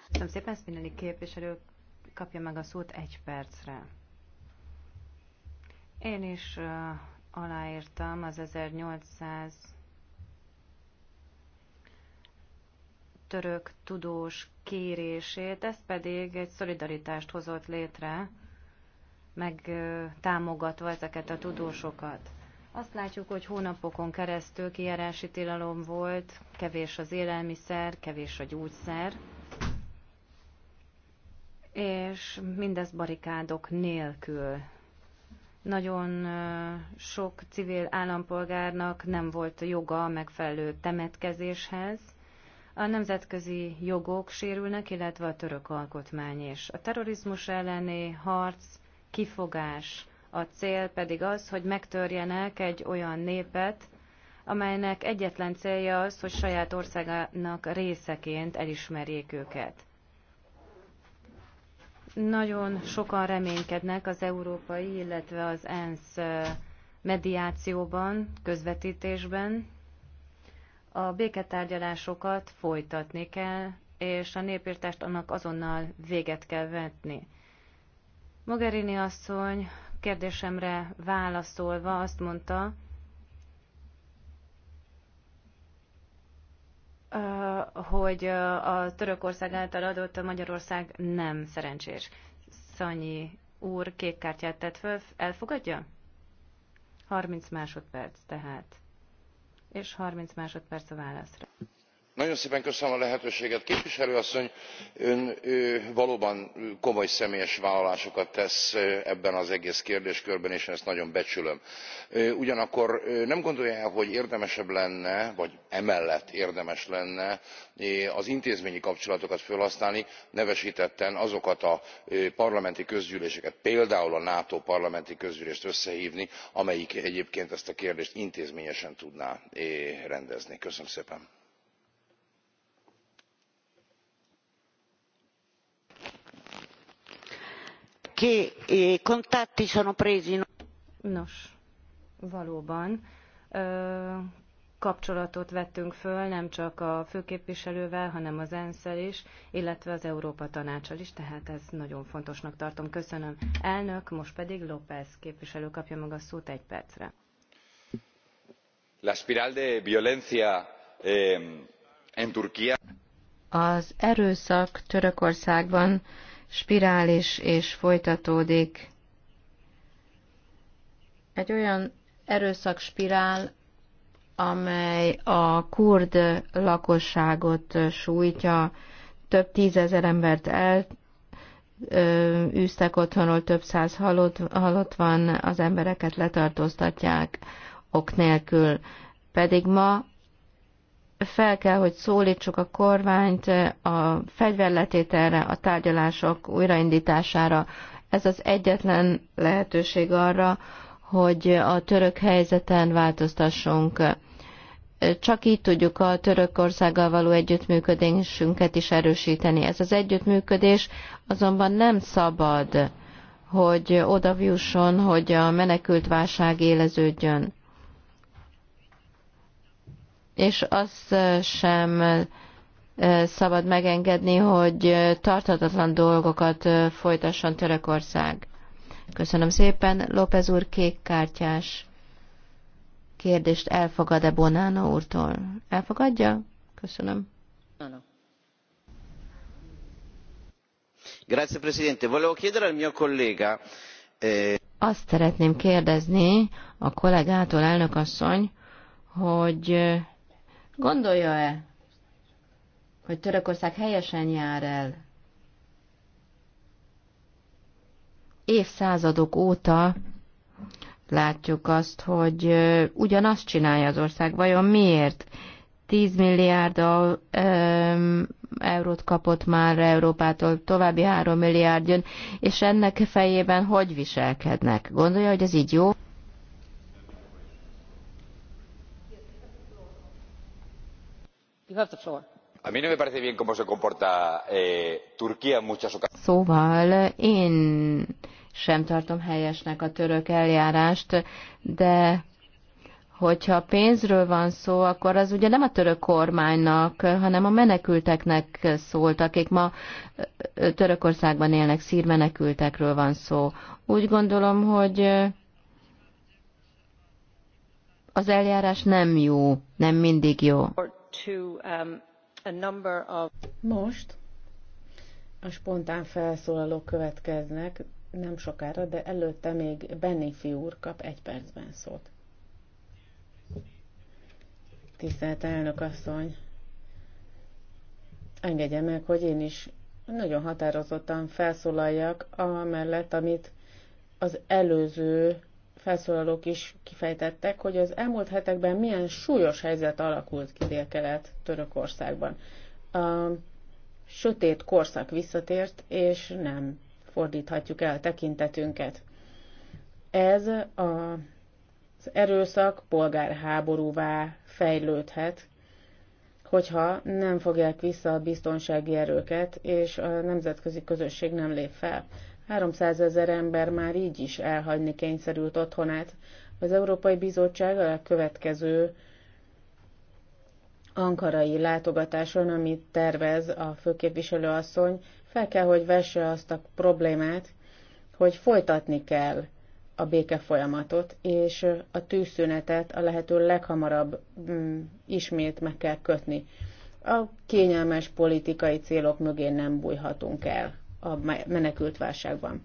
Köszönöm szépen, Spinelli képviselő kapja meg a szót egy percre. Én is uh, aláírtam az 1800 török tudós kérését, ez pedig egy szolidaritást hozott létre megtámogatva ezeket a tudósokat. Azt látjuk, hogy hónapokon keresztül kijárási tilalom volt, kevés az élelmiszer, kevés a gyógyszer, és mindez barikádok nélkül. Nagyon sok civil állampolgárnak nem volt joga a megfelelő temetkezéshez, a nemzetközi jogok sérülnek, illetve a török alkotmány is. A terrorizmus elleni harc kifogás. A cél pedig az, hogy megtörjenek egy olyan népet, amelynek egyetlen célja az, hogy saját országának részeként elismerjék őket. Nagyon sokan reménykednek az európai, illetve az ENSZ mediációban, közvetítésben. A béketárgyalásokat folytatni kell, és a népírtást annak azonnal véget kell vetni. Mogherini asszony kérdésemre válaszolva azt mondta, hogy a Törökország által adott a Magyarország nem szerencsés. Szanyi úr kék kártyát tett föl, elfogadja? 30 másodperc tehát. És 30 másodperc a válaszra nagyon szépen köszönöm a lehetőséget. képviselő asszony ön valóban komoly személyes vállalásokat tesz ebben az egész kérdéskörben és én ezt nagyon becsülöm. ugyanakkor nem gondolja e hogy érdemesebb lenne vagy emellett érdemes lenne az intézményi kapcsolatokat fölhasználni nevestetten azokat a parlamenti közgyűléseket például a nato parlamenti közgyűlést összehvni amelyik egyébként ezt a kérdést intézményesen tudná rendezni? köszönöm szépen. Eh, Nos, valóban kapcsolatot vettünk föl nem csak a főképviselővel, hanem az ensz is, illetve az Európa Tanácsal is, tehát ez nagyon fontosnak tartom. Köszönöm. Elnök, most pedig López képviselő kapja meg a szót egy percre. La spiral de violencia eh, en Turquía. Az erőszak Törökországban spirális és folytatódik. Egy olyan erőszak spirál, amely a kurd lakosságot sújtja, több tízezer embert el űztek otthonról, több száz halott, halott van, az embereket letartóztatják ok nélkül. Pedig ma fel kell, hogy szólítsuk a kormányt a fegyverletételre, a tárgyalások újraindítására. Ez az egyetlen lehetőség arra, hogy a török helyzeten változtassunk. Csak így tudjuk a Törökországgal való együttműködésünket is erősíteni. Ez az együttműködés azonban nem szabad, hogy odavjusson, hogy a menekült válság éleződjön és azt sem szabad megengedni, hogy tartatatlan dolgokat folytasson Törökország. Köszönöm szépen. López úr kék kártyás kérdést elfogad-e Bonána úrtól? Elfogadja? Köszönöm. Grazie Presidente. Volevo chiedere al mio collega... Eh, azt szeretném kérdezni a kollégától, elnök asszony, hogy Gondolja-e, hogy Törökország helyesen jár el? Évszázadok óta látjuk azt, hogy ugyanazt csinálja az ország. Vajon miért? 10 milliárd eurót kapott már Európától, további 3 milliárd jön, és ennek fejében hogy viselkednek? Gondolja, hogy ez így jó? A mí no me parece bien cómo se comporta eh, Turquía en muchas ocasiones. Szóval én sem tartom helyesnek a török eljárást, de hogyha pénzről van szó, akkor az ugye nem a török kormánynak, hanem a menekülteknek szólt, akik ma Törökországban élnek, szír menekültekről van szó. Úgy gondolom, hogy az eljárás nem jó, nem mindig jó. Um, Most a spontán felszólalók következnek, nem sokára, de előtte még Benifi úr kap egy percben szót. Tisztelt elnök asszony, engedje meg, hogy én is nagyon határozottan felszólaljak amellett, amit az előző felszólalók is kifejtettek, hogy az elmúlt hetekben milyen súlyos helyzet alakult ki délkelet Törökországban. A sötét korszak visszatért, és nem fordíthatjuk el tekintetünket. Ez a, az erőszak polgárháborúvá fejlődhet, hogyha nem fogják vissza a biztonsági erőket, és a nemzetközi közösség nem lép fel. 300 ezer ember már így is elhagyni kényszerült otthonát. Az Európai Bizottság a következő ankarai látogatáson, amit tervez a főképviselő asszony, fel kell, hogy vesse azt a problémát, hogy folytatni kell a béke folyamatot, és a tűzszünetet a lehető leghamarabb mm, ismét meg kell kötni. A kényelmes politikai célok mögé nem bújhatunk el a menekült válságban.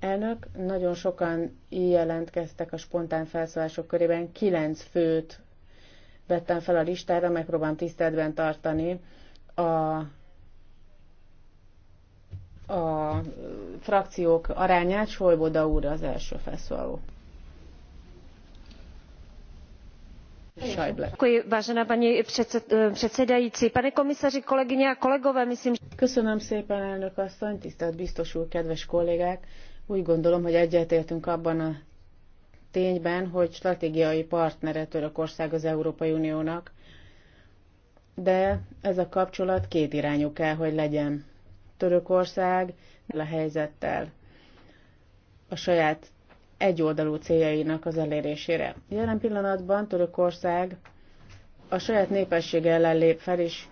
Elnök, nagyon sokan jelentkeztek a spontán felszólások körében, kilenc főt vettem fel a listára, megpróbálom tiszteletben tartani a, a frakciók arányát, Solboda úr az első felszóló. paní eh, předsedající, pane komisaři, kolegyně a kolegové, Köszönöm szépen, elnök asszony, tisztelt biztos úr, kedves kollégák! Úgy gondolom, hogy egyetértünk abban a tényben, hogy stratégiai partnere Törökország az Európai Uniónak, de ez a kapcsolat két irányú kell, hogy legyen. Törökország a helyzettel a saját egyoldalú céljainak az elérésére. Jelen pillanatban Törökország a saját népessége ellen lép fel, és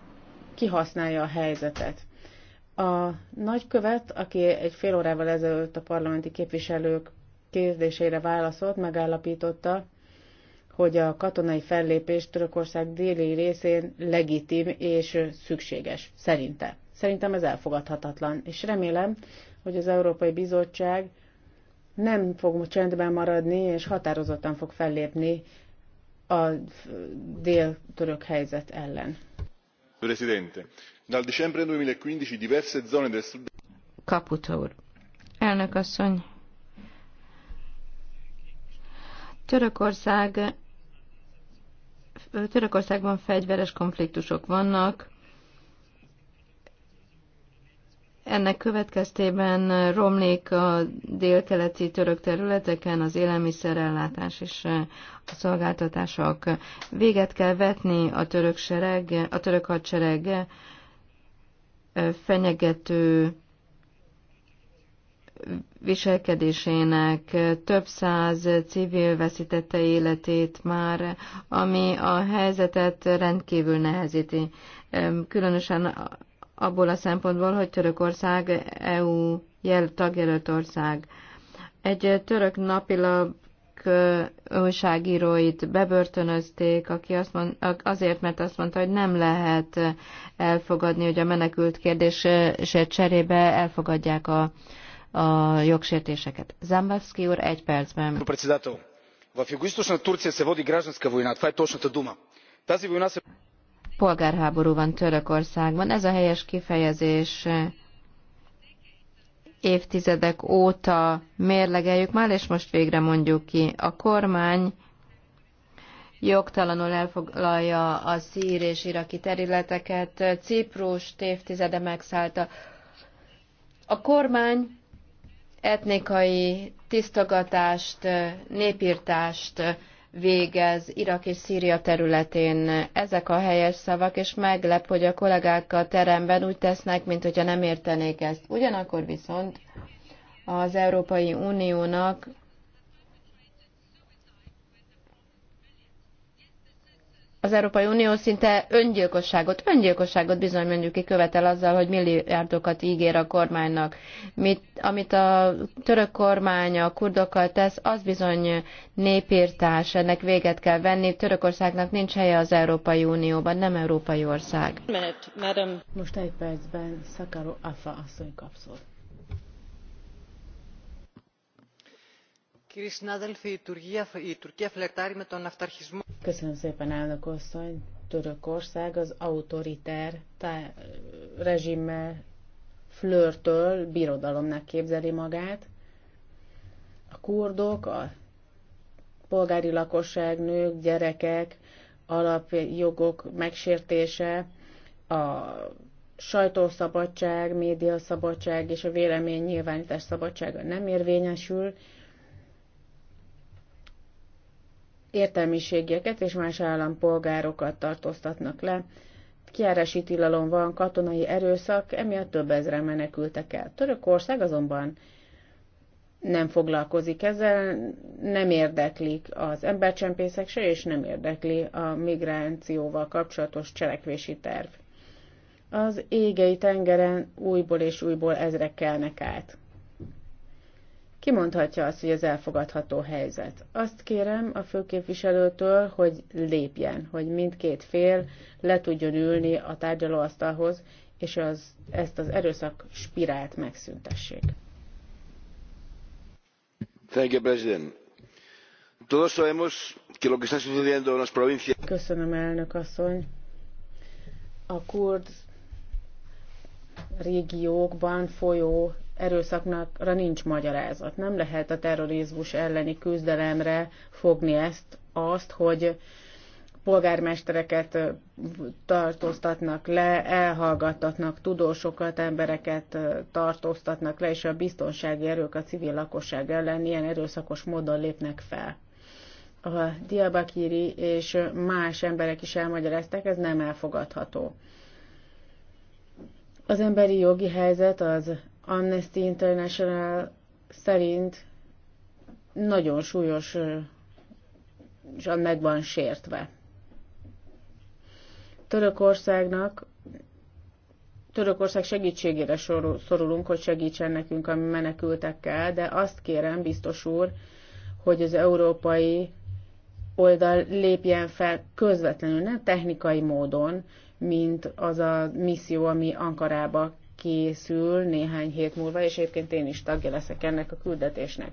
kihasználja a helyzetet. A nagykövet, aki egy fél órával ezelőtt a parlamenti képviselők kérdésére válaszolt, megállapította, hogy a katonai fellépés Törökország déli részén legitim és szükséges, szerinte. Szerintem ez elfogadhatatlan, és remélem, hogy az Európai Bizottság nem fog csendben maradni, és határozottan fog fellépni a dél-török helyzet ellen. Presidente, dal dicembre 2015 diverse zone del sud... úr. Elnök asszony. Törökország Törökországban fegyveres konfliktusok vannak, Ennek következtében romlik a délkeleti török területeken az élelmiszerellátás és a szolgáltatások. Véget kell vetni a török, sereg, a török hadsereg fenyegető viselkedésének több száz civil veszítette életét már, ami a helyzetet rendkívül nehezíti. Különösen abból a szempontból, hogy Törökország EU jel tagjelölt ország. Egy török napilap újságíróit bebörtönözték, aki azt mond, azért, mert azt mondta, hogy nem lehet elfogadni, hogy a menekült kérdésért cserébe elfogadják a, a jogsértéseket. Zambavski úr, egy percben. В юго-источна Турция се води гражданска война. Това е точната дума. Тази война се polgárháború van Törökországban. Ez a helyes kifejezés évtizedek óta mérlegeljük már, és most végre mondjuk ki. A kormány jogtalanul elfoglalja a szír és iraki területeket, Ciprus évtizede megszállta. A kormány etnikai tisztogatást, népírtást végez Irak és Szíria területén. Ezek a helyes szavak, és meglep, hogy a kollégák a teremben úgy tesznek, mint hogyha nem értenék ezt. Ugyanakkor viszont az Európai Uniónak az Európai Unió szinte öngyilkosságot, öngyilkosságot bizony mondjuk ki követel azzal, hogy milliárdokat ígér a kormánynak. Mit, amit a török kormány a kurdokkal tesz, az bizony népírtás, ennek véget kell venni. Törökországnak nincs helye az Európai Unióban, nem európai ország. Most egy percben Szakaro Afa asszony kapszott. Köszönöm szépen, elnök asszony. Törökország az autoriter rezsimmel flörtöl, birodalomnak képzeli magát. A kurdok, a polgári lakosság, nők, gyerekek, alapjogok megsértése, a sajtószabadság, médiaszabadság és a vélemény nyilvánítás szabadsága nem érvényesül, értelmiségeket és más állampolgárokat tartóztatnak le. Kiárási tilalom van, katonai erőszak, emiatt több ezre menekültek el. Törökország azonban nem foglalkozik ezzel, nem érdeklik az embercsempészek se, és nem érdekli a migrációval kapcsolatos cselekvési terv. Az égei tengeren újból és újból ezrek kelnek át kimondhatja azt, hogy ez elfogadható helyzet. Azt kérem a főképviselőtől, hogy lépjen, hogy mindkét fél le tudjon ülni a tárgyalóasztalhoz, és az, ezt az erőszak spirált megszüntessék. Thank you, President. Todos sabemos que lo que está sucediendo en las provincias... Köszönöm, elnök asszony. A kurd régiókban folyó erőszaknakra nincs magyarázat. Nem lehet a terrorizmus elleni küzdelemre fogni ezt, azt, hogy polgármestereket tartóztatnak le, elhallgattatnak tudósokat, embereket tartóztatnak le, és a biztonsági erők a civil lakosság ellen ilyen erőszakos módon lépnek fel. A Diabakiri és más emberek is elmagyarázták, ez nem elfogadható. Az emberi jogi helyzet az Amnesty International szerint nagyon súlyos meg van sértve. Törökországnak Törökország segítségére szorulunk, hogy segítsen nekünk a menekültekkel, de azt kérem, biztos úr, hogy az európai oldal lépjen fel közvetlenül, nem technikai módon, mint az a misszió, ami Ankarába készül néhány hét múlva, és egyébként én is tagja leszek ennek a küldetésnek.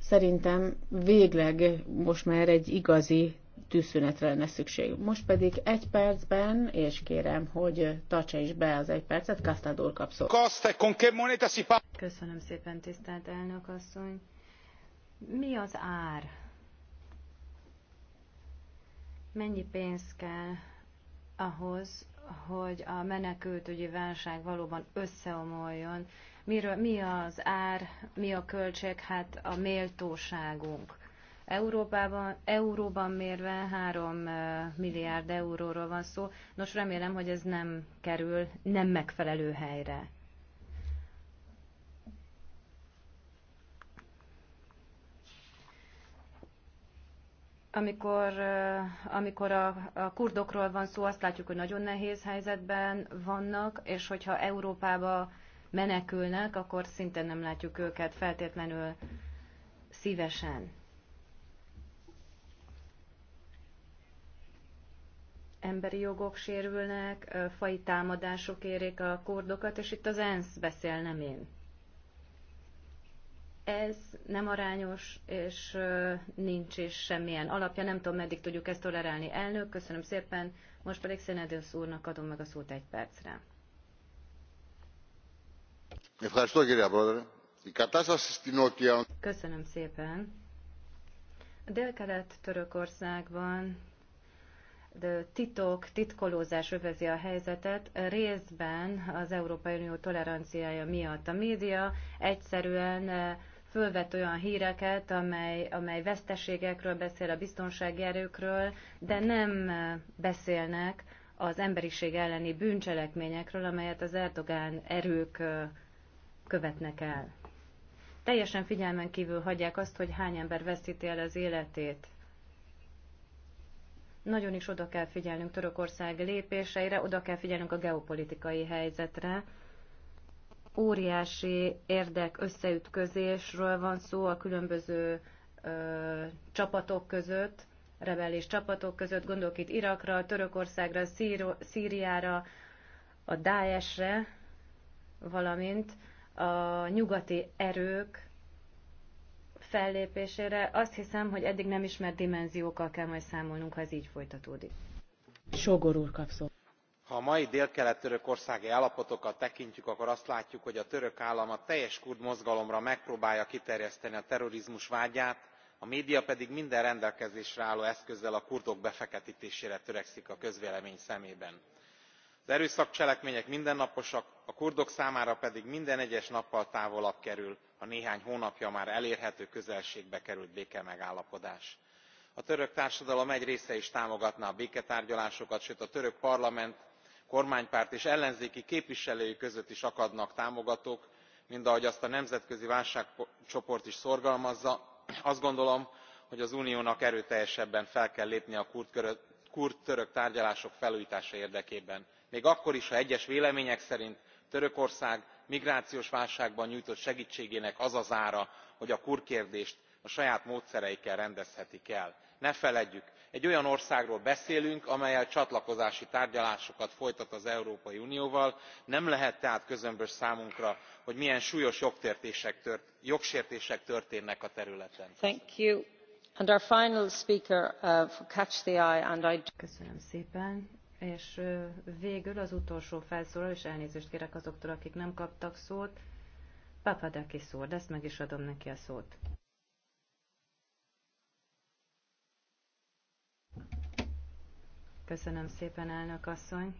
Szerintem végleg most már egy igazi tűzszünetre lenne szükség. Most pedig egy percben, és kérem, hogy tartsa is be az egy percet, Kastádor kapszol. Köszönöm szépen, tisztelt elnök asszony. Mi az ár? Mennyi pénz kell ahhoz, hogy a menekültügyi válság valóban összeomoljon. Miről, mi az ár, mi a költség, hát a méltóságunk. Európában, euróban mérve 3 milliárd euróról van szó. Nos, remélem, hogy ez nem kerül nem megfelelő helyre. amikor, amikor a, a kurdokról van szó, azt látjuk, hogy nagyon nehéz helyzetben vannak, és hogyha Európába menekülnek, akkor szinte nem látjuk őket feltétlenül szívesen. Emberi jogok sérülnek, fai támadások érik a kurdokat, és itt az ENSZ beszél, nem én ez nem arányos, és nincs is semmilyen alapja. Nem tudom, meddig tudjuk ezt tolerálni. Elnök, köszönöm szépen. Most pedig Szenedős úrnak adom meg a szót egy percre. Köszönöm szépen. A délkelet Törökországban de titok, titkolózás övezi a helyzetet, részben az Európai Unió toleranciája miatt. A média egyszerűen fölvet olyan híreket, amely, amely veszteségekről beszél, a biztonsági erőkről, de nem beszélnek az emberiség elleni bűncselekményekről, amelyet az Erdogán erők követnek el. Teljesen figyelmen kívül hagyják azt, hogy hány ember veszíti el az életét. Nagyon is oda kell figyelnünk Törökország lépéseire, oda kell figyelnünk a geopolitikai helyzetre, óriási érdek összeütközésről van szó a különböző ö, csapatok között, rebellis csapatok között, gondolok itt Irakra, Törökországra, Szíro, Szíriára, a Daesh-re, valamint a nyugati erők fellépésére. Azt hiszem, hogy eddig nem ismert dimenziókkal kell majd számolnunk, ha ez így folytatódik. Sogor úr kapszol ha a mai délkelet törökországi állapotokat tekintjük akkor azt látjuk hogy a török állam a teljes kurd mozgalomra megpróbálja kiterjeszteni a terrorizmus vádját a média pedig minden rendelkezésre álló eszközzel a kurdok befektetésére törekszik a közvélemény szemében. az erőszakcselekmények mindennaposak a kurdok számára pedig minden egyes nappal távolabb kerül a néhány hónapja már elérhető közelségbe került békemegállapodás. a török társadalom egy része is támogatná a béketárgyalásokat sőt a török parlament kormánypárt és ellenzéki képviselői között is akadnak támogatók mint ahogy azt a nemzetközi válságcsoport is szorgalmazza azt gondolom hogy az uniónak erőteljesebben fel kell lépnie a kurd török tárgyalások felújtása érdekében még akkor is ha egyes vélemények szerint törökország migrációs válságban nyújtott segtségének az az ára hogy a kurd kérdést a saját módszereikkel rendezhetik el. ne feledjük egy olyan országról beszélünk amellyel csatlakozási tárgyalásokat folytat az európai unióval nem lehet tehát közömbös számunkra hogy milyen súlyos jogsértések történnek a területen. Uh, köszönöm szépen és végül az utolsó felszólaló, és elnézést kérek azoktól, akik nem kaptak szót, Papadakis úr, de ezt meg is adom neki a szót. Köszönöm szépen, elnök asszony.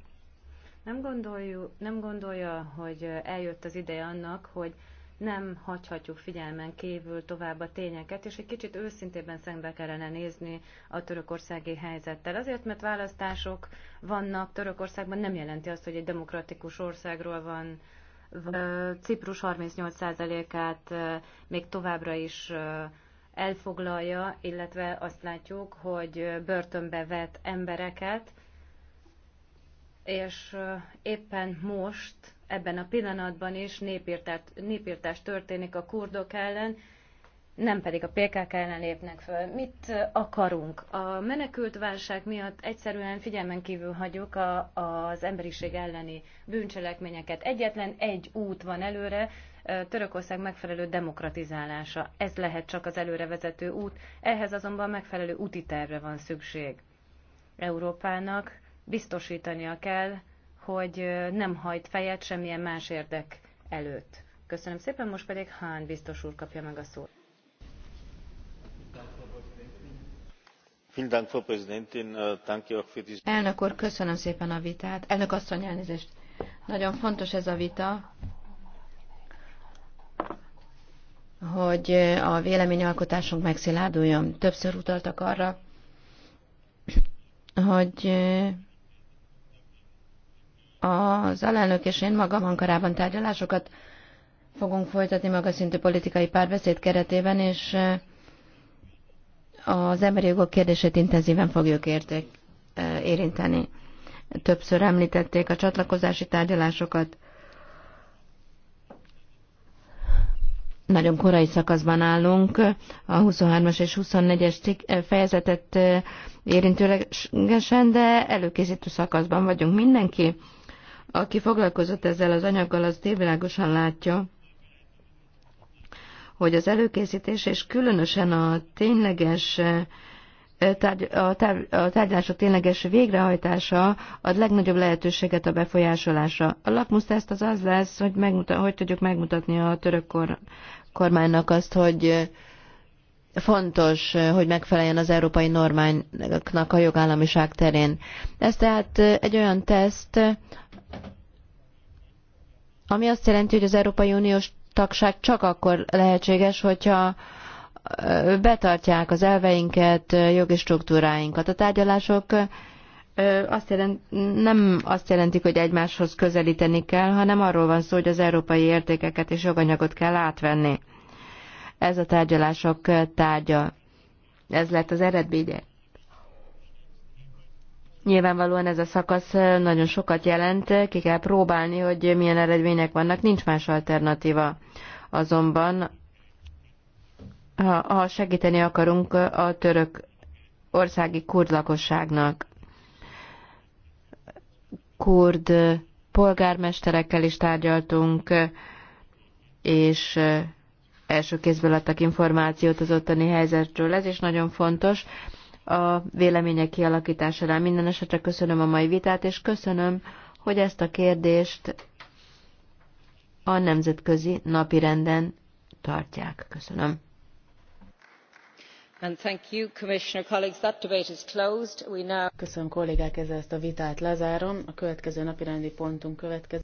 Nem, gondoljuk, nem gondolja, hogy eljött az ideje annak, hogy nem hagyhatjuk figyelmen kívül tovább a tényeket, és egy kicsit őszintében szembe kellene nézni a törökországi helyzettel. Azért, mert választások vannak Törökországban, nem jelenti azt, hogy egy demokratikus országról van Ciprus 38%-át még továbbra is elfoglalja, illetve azt látjuk, hogy börtönbe vet embereket, és éppen most, ebben a pillanatban is népírtás, népírtás történik a kurdok ellen, nem pedig a PKK ellen lépnek föl. Mit akarunk? A menekült válság miatt egyszerűen figyelmen kívül hagyjuk a, az emberiség elleni bűncselekményeket. Egyetlen egy út van előre, Törökország megfelelő demokratizálása. Ez lehet csak az előrevezető út, ehhez azonban megfelelő úti tervre van szükség. Európának biztosítania kell, hogy nem hajt fejet semmilyen más érdek előtt. Köszönöm szépen, most pedig Hán biztos úr kapja meg a szót. Äh, Elnök úr, köszönöm szépen a vitát. Elnök asszony, elnézést. Nagyon fontos ez a vita, hogy a véleményalkotásunk megszilárduljon. Többször utaltak arra, hogy az alelnök és én magam Ankarában tárgyalásokat fogunk folytatni szintű politikai párbeszéd keretében, és az emberi jogok kérdését intenzíven fogjuk érték, e, érinteni. Többször említették a csatlakozási tárgyalásokat. Nagyon korai szakaszban állunk, a 23-as és 24-es cikk, e, fejezetet e, érintőlegesen, de előkészítő szakaszban vagyunk mindenki. Aki foglalkozott ezzel az anyaggal, az tévilágosan látja, hogy az előkészítés és különösen a tényleges a tárgyalások tényleges végrehajtása ad legnagyobb lehetőséget a befolyásolásra. A ezt az az lesz, hogy, megmuta, hogy tudjuk megmutatni a török kor, kormánynak azt, hogy fontos, hogy megfeleljen az európai normáknak a jogállamiság terén. Ez tehát egy olyan teszt, ami azt jelenti, hogy az Európai Uniós tagság csak akkor lehetséges, hogyha betartják az elveinket, jogi struktúráinkat. A tárgyalások azt jelent, nem azt jelentik, hogy egymáshoz közelíteni kell, hanem arról van szó, hogy az európai értékeket és joganyagot kell átvenni. Ez a tárgyalások tárgya. Ez lett az eredménye. Nyilvánvalóan ez a szakasz nagyon sokat jelent, ki kell próbálni, hogy milyen eredmények vannak, nincs más alternatíva. Azonban, ha, ha segíteni akarunk a török országi kurd lakosságnak, kurd polgármesterekkel is tárgyaltunk, és első kézből adtak információt az ottani helyzetről. Ez is nagyon fontos a vélemények kialakítására. Minden esetre köszönöm a mai vitát, és köszönöm, hogy ezt a kérdést a nemzetközi napirenden tartják. Köszönöm. You, now... Köszönöm kollégák, ezt a vitát lezárom. A következő napirendi pontunk következik.